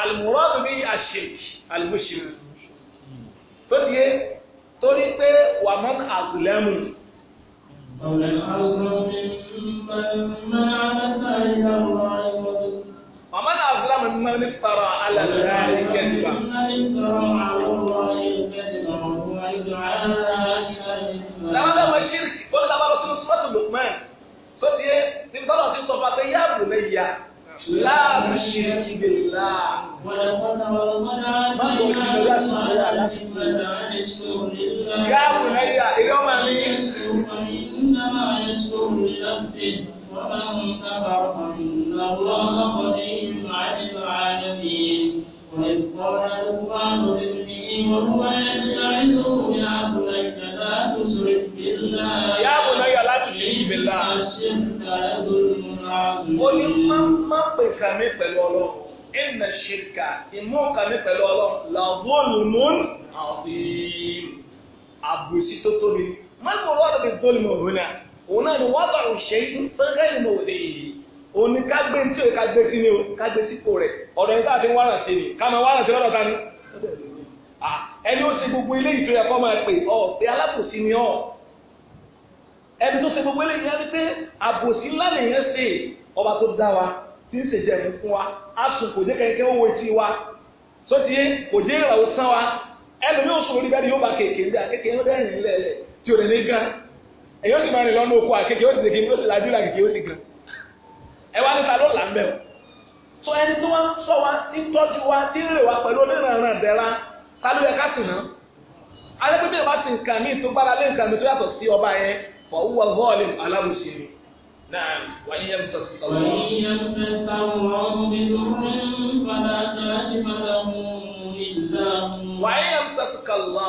àlùmọ́rọ́dù bí àṣèkì àlùmọ́ṣẹ́rì tó ti yé torí pé wàmọ́n àgùlẹ́mù. ومن أظلم ممن منع مساجد الله من افترى على الله كذبا لماذا هو الشرك ولا ما رسول صفات لقمان صوتي دي بتعرف صفات يا بني لا تشرك بالله ما هو يا بني اليوم انما يشكر لنفسه وما وهو يستعذه يا بني بالله يا بني لا تشرك بالله الشرك لظلم عظيم ó ní má má pè kàn mí pẹ̀lú ọlọ́run ìnà ṣìrìkà ìmú kàn mí pẹ̀lú ọlọ́run làvọ́lùmún àfihàn àbùsí tó tóbi má lè wọ́n lọ́dọ̀ bí tóbi mọ̀ òun náà òun náà ni wọ́n bá òṣè fẹ́rẹ́ ìmọ̀ òde yìí tí a fi ń wárà sí ni ká máa wárà sí lọ́dọ̀ ta ni Ah, ẹni ó ṣe gbogbo eléyìí tó yẹ máa pè ọ pé alábòsí ni ọ ẹni tó ṣe gbogbo eléyìí yẹn pé àbòsí ńlá nìyẹn ṣe ọba tó dá wa tí ń ṣèjẹ̀mú wa á sùn kò dé kẹ̀kẹ́ owó etí wa tó ti yé kò wa ẹni yóò sùn orí yóò bá kékeré akékeré ó dẹ́rìn nílẹ̀ rẹ̀ tí ò lè ní gan èyí ó sì máa rìn lọ́nà oko ó sì ṣe kí ó sì lajú làkèké ó sì gan níta ló wa tọ́jú wa tí wa pẹ̀lú onírànràn ta ló yẹ ká sìn náà alẹ́pẹ́ bí ẹ bá sin nǹkan mi tó gbára lé nǹkan mi tó yàtọ̀ sí ọba yẹn fọwọ́ bọ́ọ̀lù aláwòsí ni náà wàyí yẹn sọ sí ọwọ́. wàyí yẹn sọ sí ọwọ́ ọ̀hún fàdà kàṣí fàdà mú ìlà mú. wàyí yẹn sọ sí kàlọ́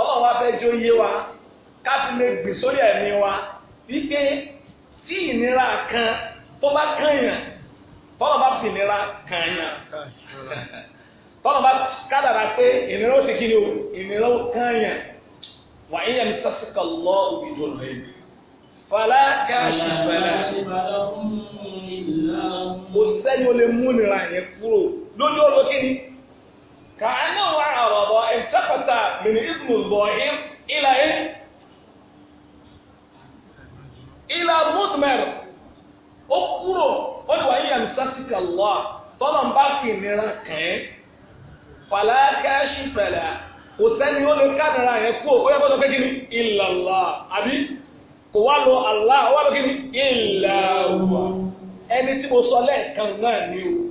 ọlọ́wọ́ afẹ́ jó yé wa ká fi lè gbìn sórí ẹ̀mí wa wípé tí ìnira kan tó bá kàn yàn tọ́lọ̀ bá fi ìnira kàn yàn tọ́nà bá kádàrà pé ìnira ó sì kí ni o ìnira ó kányà wà íyà ní sásìkà lọ òbí tó lọ yìí fàlà káàṣì fàlà kò sẹ́ni ó lè mú nira yẹn kúrò lójú ọ̀rọ̀ kí ni kà á ní wà àrọ̀bọ̀ ìtẹ́kọ̀tà mìíní ìsìnkú zọ̀ ìlà ẹ̀ ìlà mùtmẹ̀rù ó kúrò ó ní wà íyà ní sásìkà lọ tọ́nà bá fi ìnira kàn fàlà káṣí fẹ̀lẹ̀ kò sẹ́ni ó lè kádàrà yẹn kú ó yẹ kó ìlàlá àbí kò wá lọ àlá ó ẹni tí mo sọ lẹ́ẹ̀kan náà ni o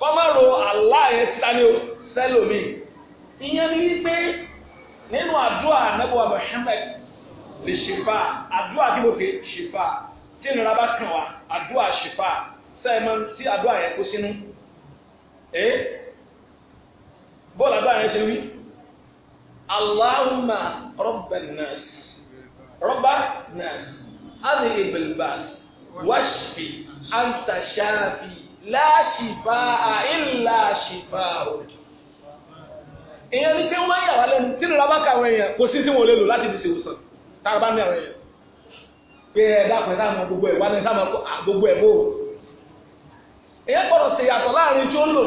wọ́n máa lo àlá yẹn síta o sẹ́lòmíì ìyẹn nínú àdúrà anábọ̀ lè ṣèfà àdúrà kí mo ṣèfà tí bá kàn wá àdúrà ṣe wí Allahumma rọ́bà nọ́ọ̀sì rọ́bà nọ́ọ̀sì adìyẹ bilbaas wáṣìfì àǹtàṣáàfì láṣìfà àìlà ṣìfà òkè. èèyàn ní pé wọ́n yà wá lẹ́nu tí nira bá kàwé èèyàn kò sí tí wọ́n lè lò láti fi ṣèwòsàn tára bá ní àwọn èèyàn pé ẹ dákun sáàmù gbogbo ẹ wá ní sáàmù gbogbo ẹ bò. èèyàn gbọ́dọ̀ ṣèyàtọ̀ láàrin tí ó lò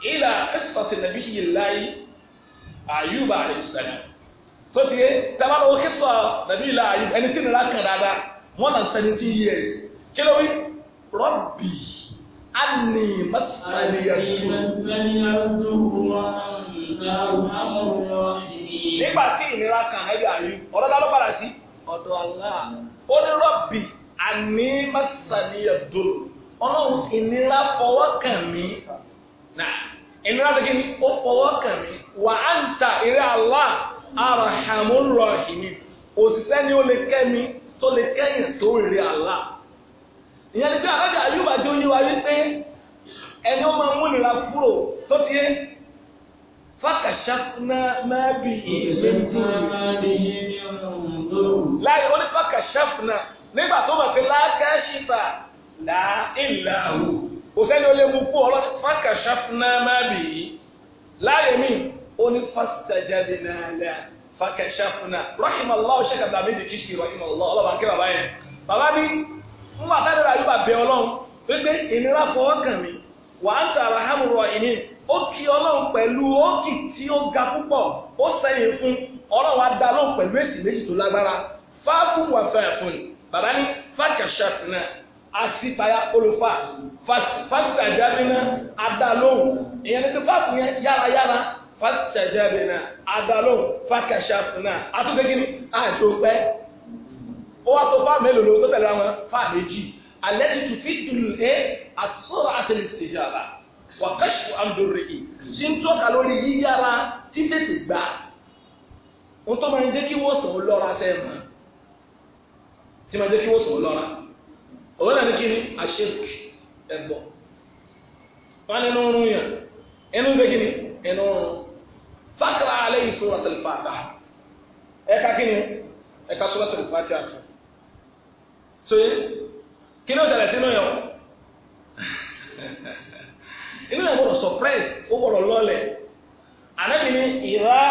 ìlà قصة النبي yìí láyé عليه السلام. so ti yé dábàá lọ́wọ́ kẹsọ̀ nàbí ìlà àyùbá ẹni tí nira kan dáadáa more than seventeen years kí ló wí rọ́bì ánì mẹ́sàn-án-yàtò. nígbà tí ìnira kan ẹbí àyù ọ̀rọ̀ dá ló padà sí ọ̀dọ̀ Allah ó ní rọ́bì ánì mẹ́sàn ìnira fọwọ́ kàn mí ìnira tó oh, oh, ni fọwọ́ wa mí wà á ń ta eré Allah arhamur òṣìṣẹ́ ni ó lè kẹ́ tó lè kẹ́yìn tó rere Allah ìyẹn ni pé àbájá yóò jẹ́ oníwà wípé ẹni ó máa ń múnira kúrò tó ti yé fàkàṣàfúnà máa bì í láì ó ní fàkàṣàfúnà nígbà tó mọ̀ pé láàkàṣìfà làá ìlà àwò. kò sẹ́ni ó lè mú kú ọlọ́ fákàṣà fúnná má bì í láàyè mi ó ní fásitàjáde náà lẹ́à fákàṣà fúnná rahim allah ṣe kàdà mí di kìsì rahim allah ọlọ́ba nkẹ́ bàbá yẹn bàbá mi ń wà sáré rà ọlọ́run ìnira fọwọ́ kàn mí wà á ókì tí ó ga ó sẹ́yìn fún ọlọ́run pẹ̀lú èsì méjì tó lágbára fáfún bàbá ní fákàṣà asipaya olofa fasita jabina adalohun ìyẹn nípa fásitì yẹn yárayára fasita jabina adalohun fakashafuna atúndégini àjọpẹ ó wá tó fá mélòó ló tẹ̀lé àwọn fá méjì alẹ́ ti tù fi dùn ẹ́ asọ́rọ̀ àtẹlẹ ìṣèjọba wàkàṣù àmdòrè yìí tí ń tọ́ka lórí yíyára títètè gbà ń tó máa ń jẹ́ kí wọ́n sàn ó lọ́ra sẹ́yìn mọ́ tí máa ń jẹ́ kí wọ́n sàn ó lọ́ra òun náà ní kí ni àṣírk ẹ̀bọ wọn nínú oorun yẹn ẹnu ṣe kí ni ẹnu oorun fákàrà alẹ́ yìí sọ́wọ́ àtẹlifàtà ẹ̀ka kí ni ẹ̀ka sọ́wọ́ àtẹlifàtà fún so kí ni ó ṣẹlẹ̀ sínú yẹn o inú yẹn gbọdọ̀ surprise ó gbọdọ̀ lọ́lẹ̀ ànábì ní ìhà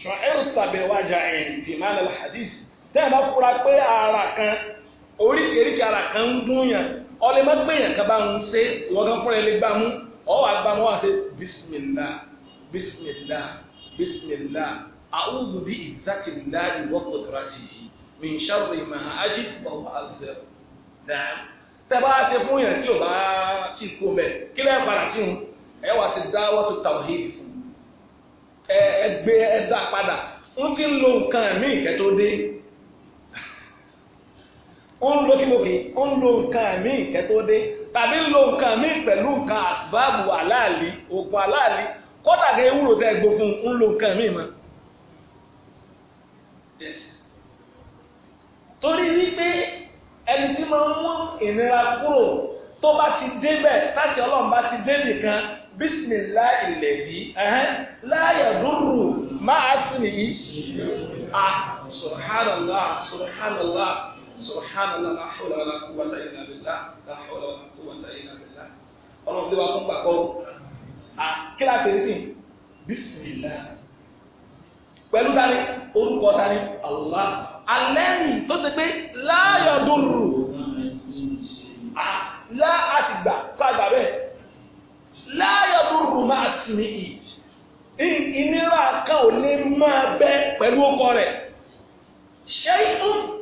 ṣọ̀ẹ́rù tàbí wájà ẹ̀ fìmánà hadith tẹ́ ẹ bá fura pé ara kan. oríkèéríkèé ara kan ń dún yàn ọlẹ́ má gbé kan bá ń ṣe ìwọ́gán fúnra ẹ̀ lè gbá mú ọwọ́ àgbàmọ́ wá bisimilá bisimilá bisimilá àwùjọ bí ìzàtìlá ìwọ́pọ̀ tọ́lájì yìí mi ń ṣàrò ìmọ̀ àjí ọ̀wọ́ àgbẹ̀ dáa tẹ́ ṣe fún yàn tí bá ti kó kí lẹ́yìn padà sí wọn ẹ wá sí dáwọ́ tó ẹ gbé ẹ dá padà ń ti ń lo kí ń lo nǹkan dé tàbí ń lo nǹkan pẹ̀lú nǹkan àsìbáàbù aláàlí òògùn aláàlí kọ́tà kẹ́ ewúro tẹ́ gbó fún ń lo nǹkan torí wípé ẹni tí máa kúrò tó bá ti débẹ̀ láti ọlọ́run bá ti débì kan bisimilahi ilẹ̀dí láyà dúró máa subhanallah la hawla wala quwwata illa billah la hawla wala quwwata illa billah ọlọ́run tí wàá tún gbàgbọ́ à kíláàsì ẹ̀sìn bismillah pẹ̀lú dání orúkọ dání Allah alẹ́yìn tó ṣe pé láàyò dòrò lá àtìgbà sáàgbà bẹ́ẹ̀ láàyò dòrò máa sinmi yìí ìnira kan ò lè máa bẹ pẹ̀lú ọkọ rẹ̀ ṣé ìtún.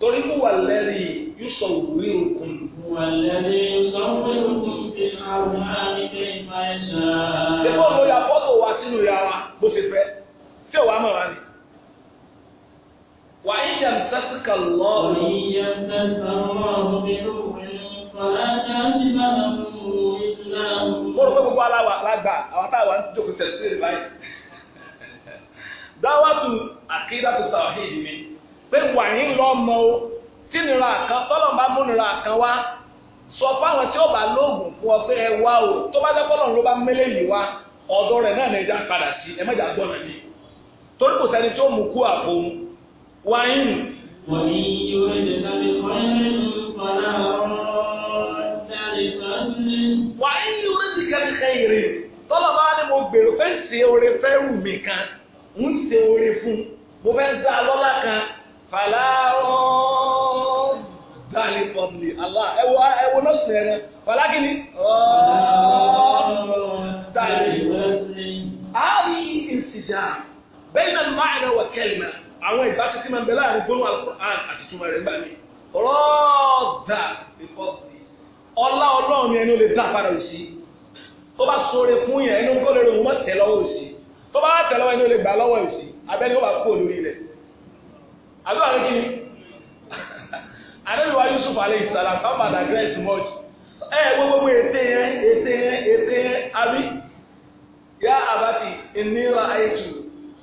torí mú wà lẹ́rí yúsọ̀ òwúrí òkun. wà lẹ́rí yúsọ̀ òwúrí òkun bí àwọn àmìlẹ̀ ìfàyẹ̀sà. ṣé wọ́n ló ya fọ́tò wa sínú ya wa bó ṣe fẹ́ tí ò wá mọ̀ wá ni. wà á yẹ sẹ́sìkà lọ. ìyá sẹ́sìkà lọ́ọ̀rù bí òun fàájà sí bàbá òun ìlà òun. mo rò pé gbogbo aláwa lágbà àwọn táwa ń jókòó tẹ̀síìrì báyìí. dáwàtú àkídàtú ni pé wà ní lọ́mọ o tí nira kan tọ́lọ́n bá mú nira kan wá sọ fáwọn tí ó bá lóògùn fún ọ pé ẹ wá o tó bá jẹ́ pọ́lọ́n ló bá mélé yìí wá ọ̀dọ́ rẹ̀ náà nìjà padà sí ẹ mẹ́jà gbọ́ náà torí kò sẹ́ni tí ó mú kú àfọ̀hún wà ní. wọ́n ní yóò lè tàbí sọ́yìn fọlá wà á ní oríṣi kẹ́kẹ́ èrè tọ́lọ̀ bá ní mo gbèrò pé ṣe oore fẹ́ wù mí kan ń ṣe oore fún mo fẹ́ dá lọ́lá kan fàlàrún dání fọmùlì àlá ẹwọ ẹwọ náà sùn ẹrẹ fàlákìní dání fọmùlì. àárí ìsìjà bẹ́ẹ̀ náà máa ẹ̀rọ wà kẹ́lìmà àwọn ìbáṣe tí máa ń bẹ láàrin gbóhùn alukur'an àti túmọ̀ rẹ̀ gbà mí. rọ́ọ̀dà ìfọ̀dì ọlá ọlọ́run ni ẹni ó lè dá padà òsì tó bá sọ̀rọ̀ fún yẹn lọ́wọ́ òsì tó abẹ́ni ó bá kú òlórí rẹ̀ àbẹ́ àwọn kí ni àdébìwá Yusuf alayhi salam kan padà grace much ẹ gbogbo ète eh, yẹn ète yẹn ète yẹn àbí yá abati ìnira àìtù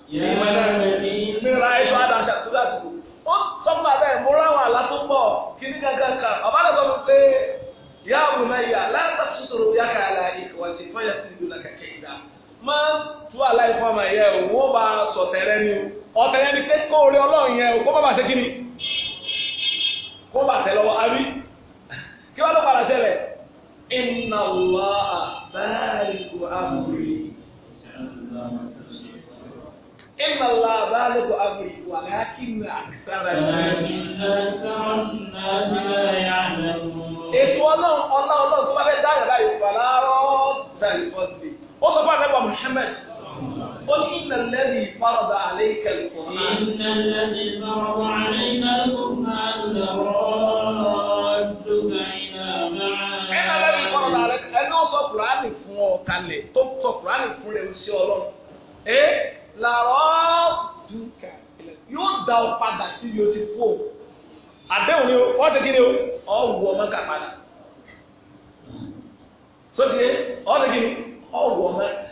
ìnira àìtù àdàṣà tó dà tù ó sọ fún abẹ́ ìmúra àwọn àlá tó pọ̀ kíní kankan kan ọba sọ fún pé yá bunayya la taqsusru ru'yaka ala ikhwati fayakidu laka kaida máa tú àlá ìfọ̀mọ̀ yẹ òun ó bá sọ̀tẹ̀rẹ́ ni o. ọ̀tẹ̀ yẹn ni pé kó orí ọlọ́run yẹn o kó bàbà ṣe kí ni kó bàtẹ̀ lọ́wọ́ arí kí wọ́n ló padà ṣẹlẹ̀ inna Allaha báàlìkù amri inna Allaha báàlìkù amri wà lákìnnà àkísára ètò ọlọ́run ọlọ́run tó bá fẹ́ dáhùn láyé fàlárọ̀ tàbí fọ́ọ̀tì ó sọ fún àgbẹ̀wò Muhammad ó ní ìnàlẹ́lì ìfaradà àlẹ́kẹ̀ lùkùnrin. ìnàlẹ́lì ìfaradà àlẹ́kẹ̀ lùkùnrin lọ́dúnrún iná máa. ìnàlẹ́lì ìfaradà àlẹ́kẹ̀ ẹni ó sọ kùránì fún ọ kalẹ̀ tó sọ kùránì fún rẹ̀ sí ọlọ́run. ẹ làrọ́ dùkà yóò dá ọ padà sí ibi o ti kú o. àdéhùn ni wọ́n ti kí ni ọ wù ọmọ kà padà. sọ́tìyẹ ọ́ ti kí ni ọ wù ọmọ kà padà.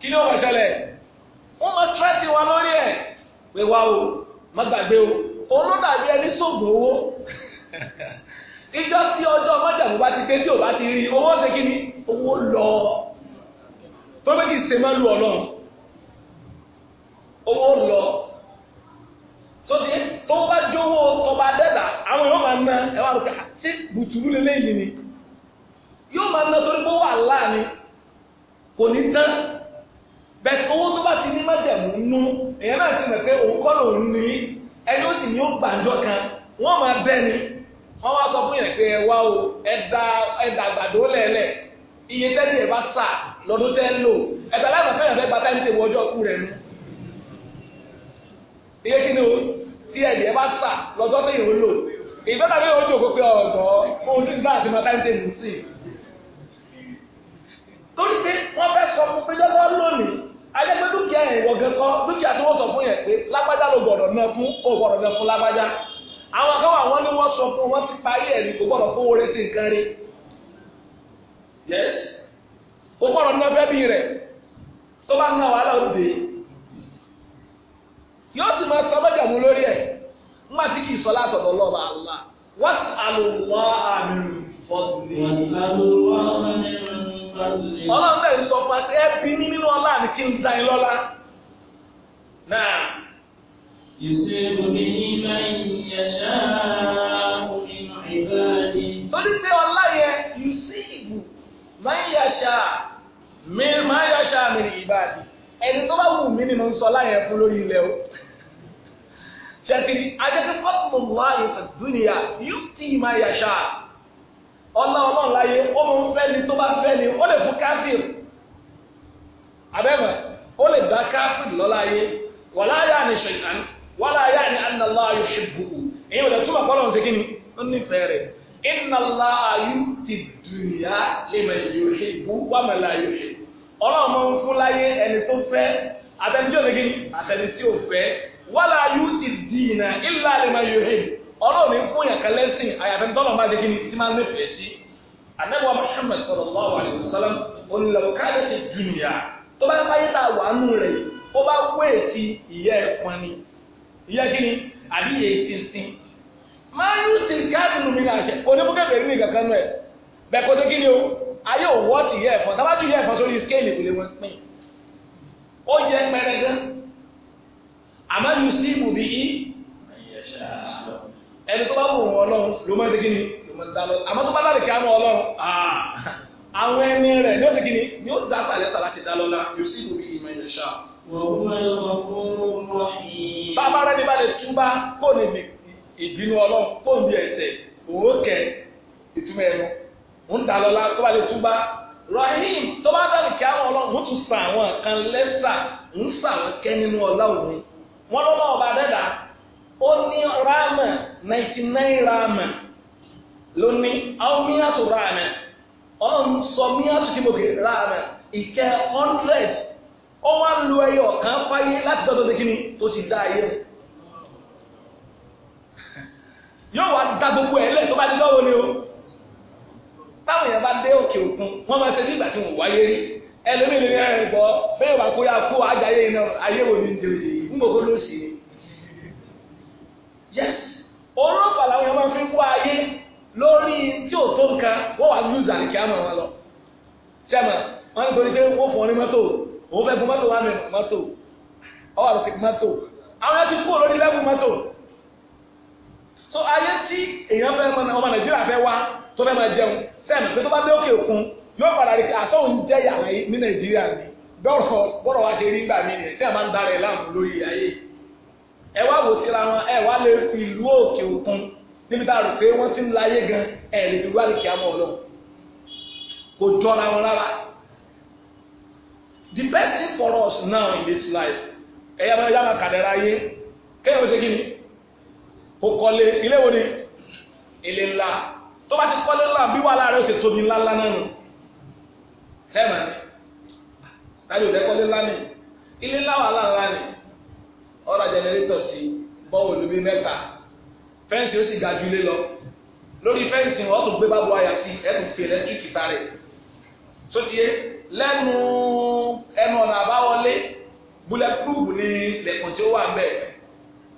kí ló wọ̀ ṣẹlẹ̀ wọ́n máa tírẹ́tì wa lórí ẹ̀ pé wá o má gbàgbé o òun ló dàbí ẹni sóògùn owó ìjọ tí ọjọ́ mọ́jàmú bá ti pé tí ò bá ti rí owó ṣe kí ni owó lọ tó méjì ṣe má lu ọlọ́run owó lọ sóde tó bá jówó ọba dẹ́dà àwọn yóò máa ná ẹ wá lóka ah, ṣé bùtùrú lélẹ́yìn ni yóò máa ná sórí pé wà láàánú kò ní tán. bẹ́ẹ̀ owó tó bá ti ní májẹ̀mú nú èèyàn náà ti mọ̀ òun kọ́ ní ẹni ó sì ní ó gbàǹjọ kan wọ́n máa bẹ́ ni wọ́n wá sọ fún yẹn pé ẹ wá o ẹ̀dà àgbàdo iye tẹ́lẹ̀ ẹ̀ bá sà lọ́dún tẹ́ lò fẹ́ràn fẹ́ ọjọ́ kú rẹ̀ iye kí ni o tí ẹ̀ bá sà lò ìfẹ́ tàbí pé wọ́n fẹ́ sọ fún lónìí ajẹ́pẹ́ dúkìá yẹn ìwọ gẹ́gẹ́ dúkìá tí sọ fún yẹn pé lágbájá ló gbọ́dọ̀ ná fún ó gbọ́dọ̀ ná fún lágbájá àwọn kan wà wọ́n wọn ti parí ẹ̀ ní kò si fún oore sí nǹkan rí kò gbọ́dọ̀ ná fẹ́ bí rẹ̀ tó bá wàhálà yóò sì máa sọ mú lórí kì í sọ àmì àmì ọlọ́run náà sọ fún ẹ bí mi nínú ọlá mi ti ń da ẹ lọ́lá. náà. yusibu bihi man yasha'u min ibadihi. torí pé ọlá yẹn yusibu man yasha'u man yasha'u min ibadihi ẹni tó bá wù mí nínú sọ láyẹ fún lórí ilẹ̀ o ṣètìlì ajẹ́kẹ́ fọ́tùmù láàyè fẹ̀dúnìyà yóò tì í máa yàṣà ọlá ọlọ́run láyé ó mú fẹ́ ni tó bá fẹ́ ni ó lè fún káfíìn abẹ́mọ̀ ó lè dá káfíìn lọ́láyé wà láyà ni ṣèkán wà láyà ni anàlá ayò ṣe gbogbo èyí ò lè túmọ̀ pọ́lọ̀ ń segin ni ó nífẹ̀ẹ́ rẹ̀ ìnàlá ayò ti dùnyà lè mọ̀ ṣe ìbú wà mọ̀ láyò ṣe ọlọ́run máa ń fún láyé ẹni tó fẹ́ àtẹni tí ò lè gini fẹ́ wà láyò ti dìnnà ọlọ́run ní fún yàn kan lẹ́sìn àyàfẹ́ tọ́lọ̀ máa ṣe kí ni tí máa ń nífẹ̀ẹ́ sí anábọ̀ Muhammad sallallahu alayhi wa sallam onílọ̀bù káàdé ti dùnìyà tó bá báyé tá a wà nù rẹ̀ ó bá wé ti ìyá ẹ̀fọn ni ìyá kí ni àbí ìyá ìsinsin máa ń ti káàdì nù mí náà ṣe oníbùkẹ́ bẹ̀rẹ̀ ní kankan nù ẹ̀ bẹ́ẹ̀ kí ni o ayé òwò ti ìyá ẹ̀fọn tábàtú ìyá ẹ̀fọn sórí skéèlì kò lè pín ó yẹ pẹrẹgẹ àmọ́ yusibu bihi bá wù wọn ọlọ́run ló máa ń ṣe kí ni ló máa ń dáná àmọ́ tó bá láti kí á mọ ọlọ́run àwọn ẹni rẹ̀ ni ó ṣe kí ni ni ó dá sàlẹ̀ sàlá ti dá lọ́la yóò sì wù bí ìmọ̀ ṣá. bàbá rẹ̀ ní bá lè túbá kó ní ìbínú ọlọ́run kó ní ẹ̀ṣẹ̀ òókè ìtumọ̀ ẹ̀rọ ń dá lọ́la tó bá lè túbá rahim tó bá dá lè kí á mọ ọlọ́run ó tún sa àwọn kan lẹ́sà ń sàwọn kẹ́ nínú ọlá òun wọn lọ́wọ́ ọba dẹ́dàá ó ní ráàmà ninety nine ráàmà ló ní àwọn míyàtò ráàmà ọ̀n sọ míyàtò tí mo kè ráàmà ìkẹ́ hundred ó wá lu ẹyọ kan fáyé láti tọ́jú ọdún kíni ti dá ayé yóò wá da gbogbo ẹ̀ ni o táwọn èèyàn bá dé òkè òkun wọ́n máa ṣe yes olóòfà làwọn èèyàn máa fi wá ayé lórí tí ò tó nǹkan wọ́n wà lùzà ní kíá màá lọ sẹ́mà wọ́n ń torí pé wọ́n fọ́ ní mọ́tò òun fẹ́ gun mọ́tò wà mí mọ́tò ọwọ́ àlọ́ mọ́tò àwọn ti kú olórí lẹ́gùn mọ́tò so ayé tí èèyàn fẹ́ ọmọ nàìjíríà fẹ́ wá tó fẹ́ máa jẹun sẹ́mà pé tó bá dé òkè òkun yóò padà rí àsọ̀hún jẹ́ yàrá ní nàìjíríà ni bọ́ọ̀rọ̀ wá ṣe rí gbà mí nìyẹn tí ẹ wá wò síra wọn ẹ wá lè fi ìlú òkè òkun níbi tá a rò pé wọ́n ti ń láyé gan ẹ lè fi wálé kíá mọ́ ọlọ́run kò jọra wọn rárá the best thing for us now in this life ẹ̀yà máa yá máa kàdẹ́rà yé kéèyàn ṣe kí ni kò kọ́lé ilé wo ni ilé ńlá tó bá ti kọ́lé ńlá bí wàhálà rẹ̀ ó tóbi ńlá ńlá náà nù sẹ́ẹ̀mà ni láyé òdẹ́kọ́lé ńlá ni ilé ńlá wàhálà ńlá ni ọ̀rọ̀ jẹnẹrétọ̀ sí bọ́ọ̀lù bíi mẹ́ta fẹ́ǹsì ó sì ga ju ilé lọ lórí fẹ́ǹsì wọn tún gbé bábu àyà sí ẹ tún fi ẹlẹ́tíríkì sáré sotie lẹ́nu ẹnu ọ̀nà àbáwọlé bulletproof ni lẹ́kùn tí ó wà ń bẹ̀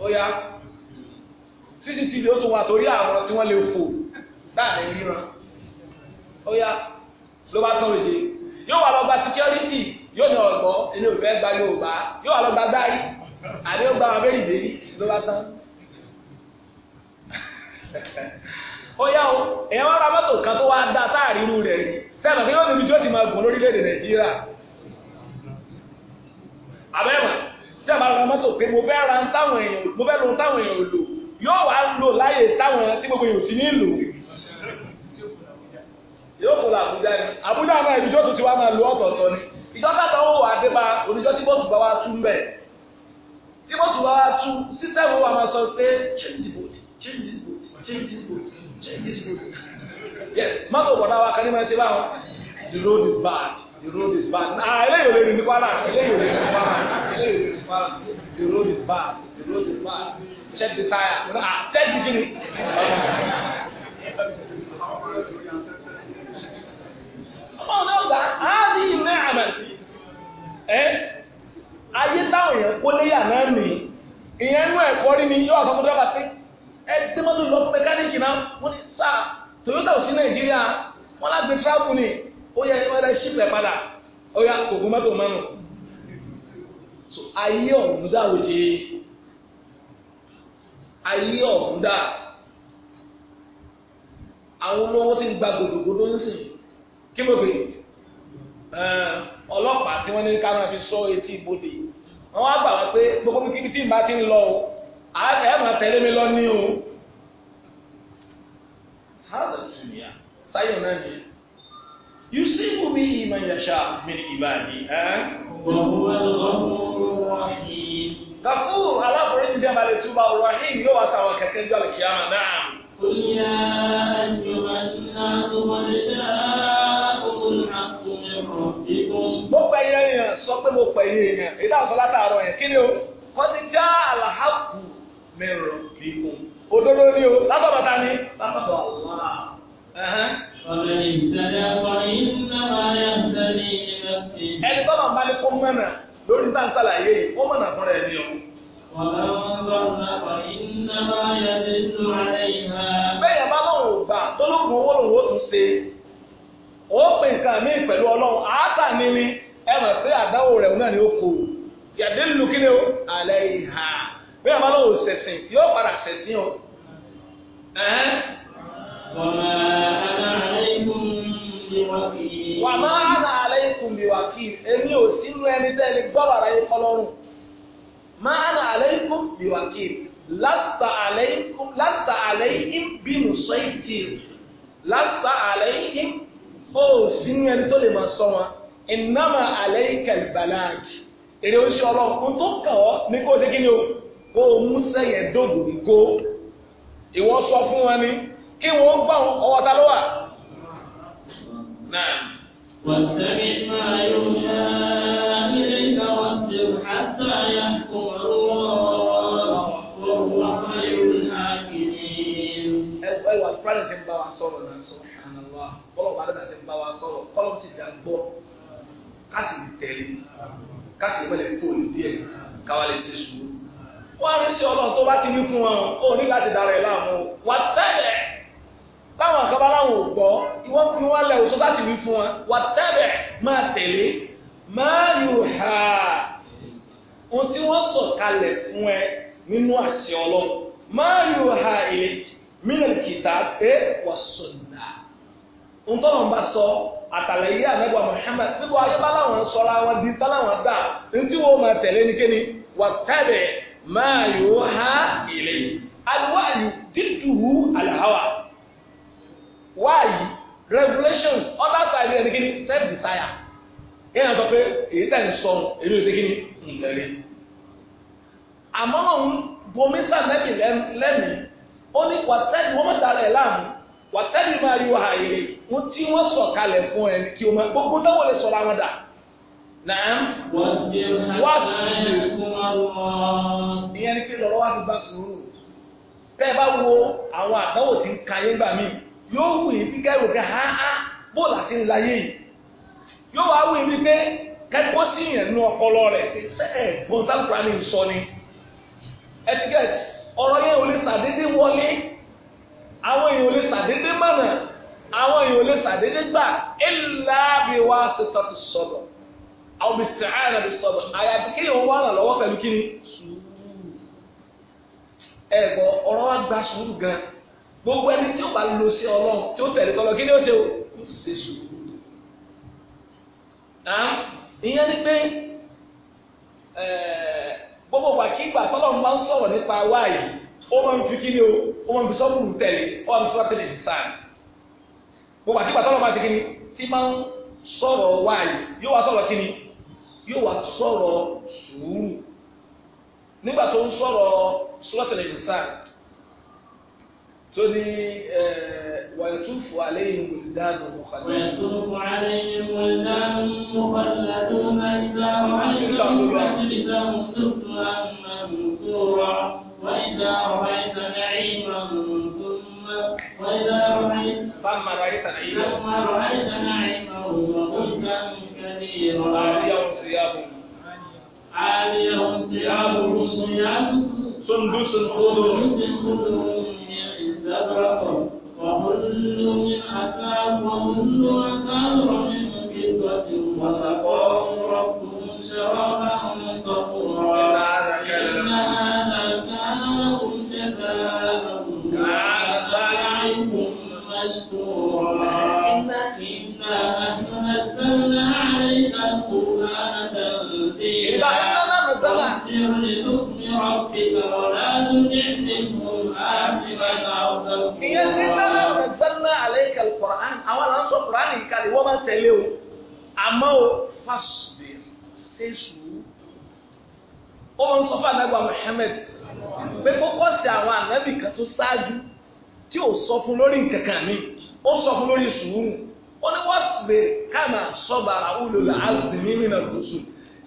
ó yá cctv ó tún wà torí àwọn tí wọ́n lè fò láàrin ríran ó yá ló bá tán òye yóò wà lọ gba security yóò ní ọ̀gbọ́n ẹni ò fẹ́ gba yóò bá yóò wà lọ gba gbáyìí àbí ó gba àwọn méjì débi ló bá tán. ó yá o èèyàn wá ra mọ́tò kan tó wá dá táàrí irú rẹ̀ rí sẹ́nu bí yóò níbi tí ó ti máa gùn lórílẹ̀‐èdè nàìjíríà àbẹ́wọ̀n tí a máa ra mọ́tò pé mo fẹ́ ra táwọn èèyàn mo fẹ́ lo táwọn èèyàn lò yóò wá lò láyè táwọn tí gbogbo èèyàn ti ní lò yóò kó la Àbújá ni Àbújá náà ibi tó tún ti wá máa lo ọ̀tọ̀ọ̀tọ̀ ni ìjọba táwọn wà dé bá oníjọ́ tí bọ́ọ̀tù bá wá tún bẹ́ẹ̀ tí wọ́n tún wá tú sísẹ́mù wa máa sọ pé change the boat change this boat change this boat change this boat yes mọ́tò bọ̀dá wa kan ní máa ṣe báwọn the road is bad the road is bad ah eléyìí ò lè rìn ní kwara eléyìí ò lè rìn ní kwara eléyìí ò ní kwara the road is bad the road is bad check the tire ah check the kini. Oh no, that I didn't ìlú náà Eh? ayé táwọn èèyàn kó léyà náà nì ìyẹn nú ẹ̀kọ́ rí ni yóò sọ fún dọ́gba pé ẹ tí mọ́tò lọ fún mẹkáníìkì náà wọ́n ní Toyota ò sí Nàìjíríà wọ́n tíráàbù ni ó yẹ ẹ̀rẹ́ ṣípẹ̀ padà ó yà mọ́tò ọlọ́pàá tí wọ́n ní ká máa fi sọ etí ibodè wọ́n wá gbà wá pé gbogbo kíbi tí ìbá ti ń lọ o ẹ máa tẹ̀lé mi lọ ní o. sáyọ̀ náà ni yóò sí ibi ìmọ̀ ìyàṣà mi ní ìbàdí. gafuru aláforíjì jẹ́ balẹ̀ túbà rahim yóò wá sáwọn kẹ̀kẹ́ jọ́ àlùkìyàmà náà. قل يا أيها الناس قد جاءكم pé mo pẹ̀ yé èèyàn èdè àṣọ látàárọ̀ yẹn kí ni o kọ́ni já àlàhàkù mẹ́rọ̀ bíkún òdodo ni o látọ̀dọ̀ ta ni látọ̀dọ̀ àwọn. ọ̀rẹ́ ìtẹ̀lẹ́ ọ̀rẹ́ ìnáwó ayé ìtẹ̀lẹ́ ìnáwó sí. ẹni tọ́nà lórí tá à yìí ó mọ̀nà fúnra ẹ̀ ni o. Bẹ́ẹ̀ bá lọ́wọ́ gbà tó lóògùn owó lòun ó tún ṣe, ó pè nǹkan míì pẹ̀lú ọlọ́run, àátà ni ni ẹ mọ̀ pé àdáwò rẹ̀ náà ni ó kó yàdé lu kí ni ó alẹ́ ìhà bí àwọn aláwọ̀ sẹ̀sìn yóò padà sẹ̀sìn o. wà máa nà alẹ́ ikùn bí wàkì èmi ò sínú ẹni tẹ́lẹ̀ gbọ́dọ̀ ara yín kọ́lọ́rùn máa nà alẹ́ ikùn bí wàkì lásìtà alẹ́ ikùn bí nùsọ̀ ìtì lásìtà alẹ́ ikùn ó sínú ẹni tó lè máa sọ wọn ìnáma àlẹ́ ìkẹlẹ̀bàláàgì èrè oṣù ọlọ́run tó kàn ọ́ ní kó ṣe kí ni o kó o mú sẹ́yẹ̀ dògùn ìgò ìwọ sọ fún wọn ni kí wọn gbà ọwọ́ ta ló wà. wàtẹ́bí máa yóò ṣá ilé ìgbà wá sí àtàyà kọ̀ọ̀rọ̀ ọ̀rọ̀ ayọ̀ ìhàkìní. ẹgbẹ́ wa fúlàní ti ń bá wa sọ̀rọ̀ náà sọ̀rọ̀ àná wa bọ́lọ̀ bá dàda ti ń bá wa sọ̀rọ̀ kọ́lọ́ sì dá gbọ́ kásì lè tẹ̀lé kásì pẹ̀lẹ́ kó ní díẹ̀ káwa lè ṣe sùúrù. wọ́n á rí sí ọlọ́run tó bá ti wí fún wọn ó ní láti dára ẹ̀ láàmú wà tẹ́lẹ̀ láwọn àkàbá láwọn ò gbọ́ ìwọ́n fi wọ́n lẹ̀ òṣó láti wí fún wọn wà tẹ́lẹ̀ máa tẹ̀lé máa yù hà ohun tí wọ́n sọ kalẹ̀ fún ẹ nínú àṣẹ ọlọ́run máa yù hà èyí mílíọ̀nù kìtà pé wà sọ̀dà ohun tó lọ́n bá sọ àtàlẹ́yé ànágbà Muhammad gbogbo ayé bá láwọn di tá dà ntí wọn máa tẹ̀lé ní wà tẹ́lẹ̀ máa yóò ha ilé alwáyù dídùú àlàáwà wáyì revelations other side ẹni kíni self desire yẹn sọ pé èyí tẹ̀ ń sọ èyí ò sí kíni àmọ́ náà ó ní wà tẹ́lẹ̀ wàtẹ́lì máa yọ àyè wọn tí wọ́n sọ kalẹ̀ fún ẹ kí o máa gbogbo náà wọlé sọ̀rọ̀ àwọn dà. Nàám. Wá sùúrù. Ìyẹn ni pé lọ́rọ́ wá fi bá sùúrù. Bẹ́ẹ̀ bá wo àwọn àdánwò tí ń ka yín gbà mí, yóò wù yín bí gáyò kẹ́ ha ha bóòlù àti ńlá yé yìí. Yóò wá wù yín bí pé kẹ́kọ̀ọ́ sí yẹn nínú ọpọlọ rẹ̀ ẹ̀ bọ́ńtàlùkùránì sọ ni. Etiquette ọ̀rọ̀ yẹn ò lè sàdédé wọlé àwọn èèyàn lè sàdédé mọ̀nà àwọn èèyàn lè sàdédé gbà illa bi wasitati sabr aw bi isti'ana bi sabr àyàfi kéèyàn wà ràn lọ́wọ́ pẹ̀lú kíni sùúrù ẹ̀gbọ́n ọ̀rọ̀ wa gba sùúrù gan gbogbo ẹni tí ó bá lọ sí ọlọ́run tí ó tẹ̀lé tọ́lọ kí ni ó ṣe o kò ṣe sùúrù ìyẹn ni pé gbogbo wàkígbà tọ́lọ̀ máa ń sọ̀rọ̀ nípa wáyìí ó máa ń fi kí ni o ó máa ń fi sọ́kùnrin tẹ̀lé ó máa ń fi sọ́kùnrin tẹ̀lé sáà gbogbo àti pàtó ọlọ́mọ àti kí ni tí máa ń sọ̀rọ̀ wáyé yóò wá sọ̀rọ̀ kí ni yóò wá sọ̀rọ̀ sùúrù nígbà tó ń sọ̀rọ̀ sọ́kùnrin tẹ̀lé sáà tó ní wàlúùfù àléyìn wòlídàánù mọ̀kànlá. wàlúùfù àléyìn wòlídàánù mọ̀kànlá tó máa ń dá wàlúùfù àléyìn wòlídàánù mọ̀kànlá tó máa ń dá وإذا رأيت نعيما ثم وإذا رأيت ثم رأيت نعيما ثم رأيت نعيما وملكا كبيرا عاليهم ثيابهم عاليهم ثيابهم سندس خضر خضر من استبرق وكل من أساب وكل أساب من فضة وسقاء rè wọ́n máa tẹ̀lé o àmọ́ o fásitì ṣe sùúrù ó máa ń sọ fún anágbà Muhammad pé kókó sí àwọn ànábì kan tó ṣáájú tí ò sọ fún lórí nǹkankan mi ó sọ fún lórí sùúrù ó ní wọ́n sì kàmà sọ́bàrà ulul azmi minar rusul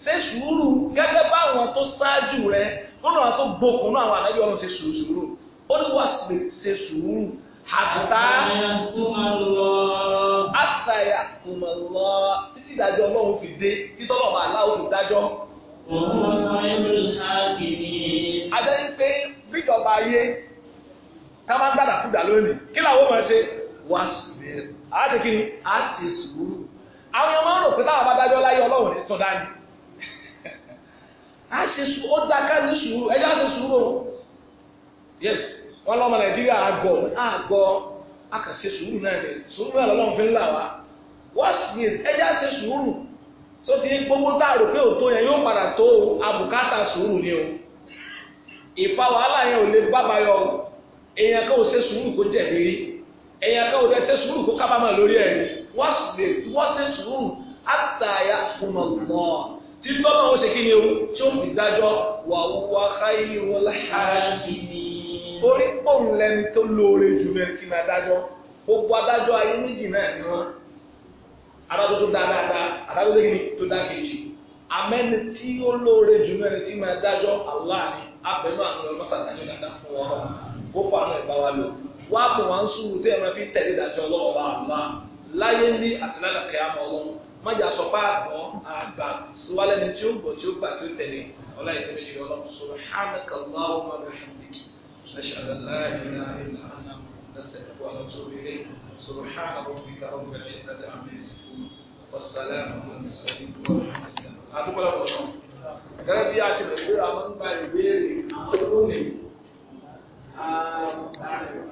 ṣe sùúrù gẹ́gẹ́ báwọn tó ṣáájú rẹ̀ nínú àwọn tó gbókun náà àwọn ànábì ọlọ́run ṣe sùúrù ó ní wọ́n sì ṣe sùúrù àtà àtà ẹ̀yà kùmọ̀ lọ títí ìdájọ́ ọlọ́run fi dé títọ́ bàbá aláwọ̀ fi dájọ́. òun sọ ẹnu ìhàgì ni. adẹ́ni pé bíjọba ayé ká máa ń dàdà kúdà lónìí kí làwọn máa ṣe wá sílẹ̀ á ti kí ni á ti sùúrù. àwọn ọmọ rò pé táwọn bá dájọ́ láyé ọlọ́run ní tọ́ dání. á ṣe sùúrù ó dáká ní sùúrù ẹjọ́ á ṣe sùúrù o. yes wọn lọ́mọ nàìjíríà àgọ́ àgọ́ a kà ṣe sùúrù náà ni sùúrù náà lọ́lọ́run fi ń là wá wọ́sìn ẹja ṣe sùúrù tó ti gbogbo tá a rò pé òtó yẹn yóò padà tó abùkátà sùúrù ni o ìfa wàhálà yẹn ò lè bábà yọ èèyàn kan ò ṣe sùúrù kó jẹ̀bi rí èèyàn kan ò dẹ̀ ṣe sùúrù kó kábàámọ̀ lórí ẹ̀ wọ́sìn wọ́n ṣe sùúrù àtàyà fúnmọ̀gbọ́ títọ́ náà ó ṣe kí ni o tí ó fi dájọ́ wà wá káyé wọlé ara kìíní torí pòun lẹni tó lóore jù lẹni tí máa dájọ́ gbogbo adájọ́ ayé méjì náà ni wọ́n adájọ́ tó dáa dáadáa adájọ́ tó kìíní tó dáa kejì amẹ́ni tí ó lóore jù lẹni tí máa dájọ́ aláàní abẹnú àwọn ọmọ sàdájọ́ dáadáa fún wọn kó fún àwọn ìbá wa lò wá kò wá ń sùn tí ẹ máa fi tẹ̀lé ìdájọ́ ọlọ́wọ́ bá àlá láyé ní àtìlẹ́lẹ̀kẹ́ àmọ́ ọlọ́run májà sọ pé àgbọ̀ àgbà síwálẹ́ni tí ó gbọ̀ tí ó gbà tí ó tẹ̀lé ọlá ìdí méjì ọlọ́run sọ̀rọ̀ hánàkàlá ọmọ rẹ̀ hàn méjì. أشهد أن لا إله إلا أنا أستغفرك وأتوب إليك سبحان ربك رب العزة عما يصفون والسلام على المرسلين ورحمة الله أعطوك لك أشهد أن لا إله إلا أنا أستغفرك وأتوب إليك Ah, uh,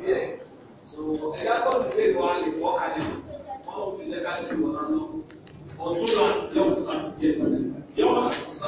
so I got to be one in walk and one of the guys who are not on two yes.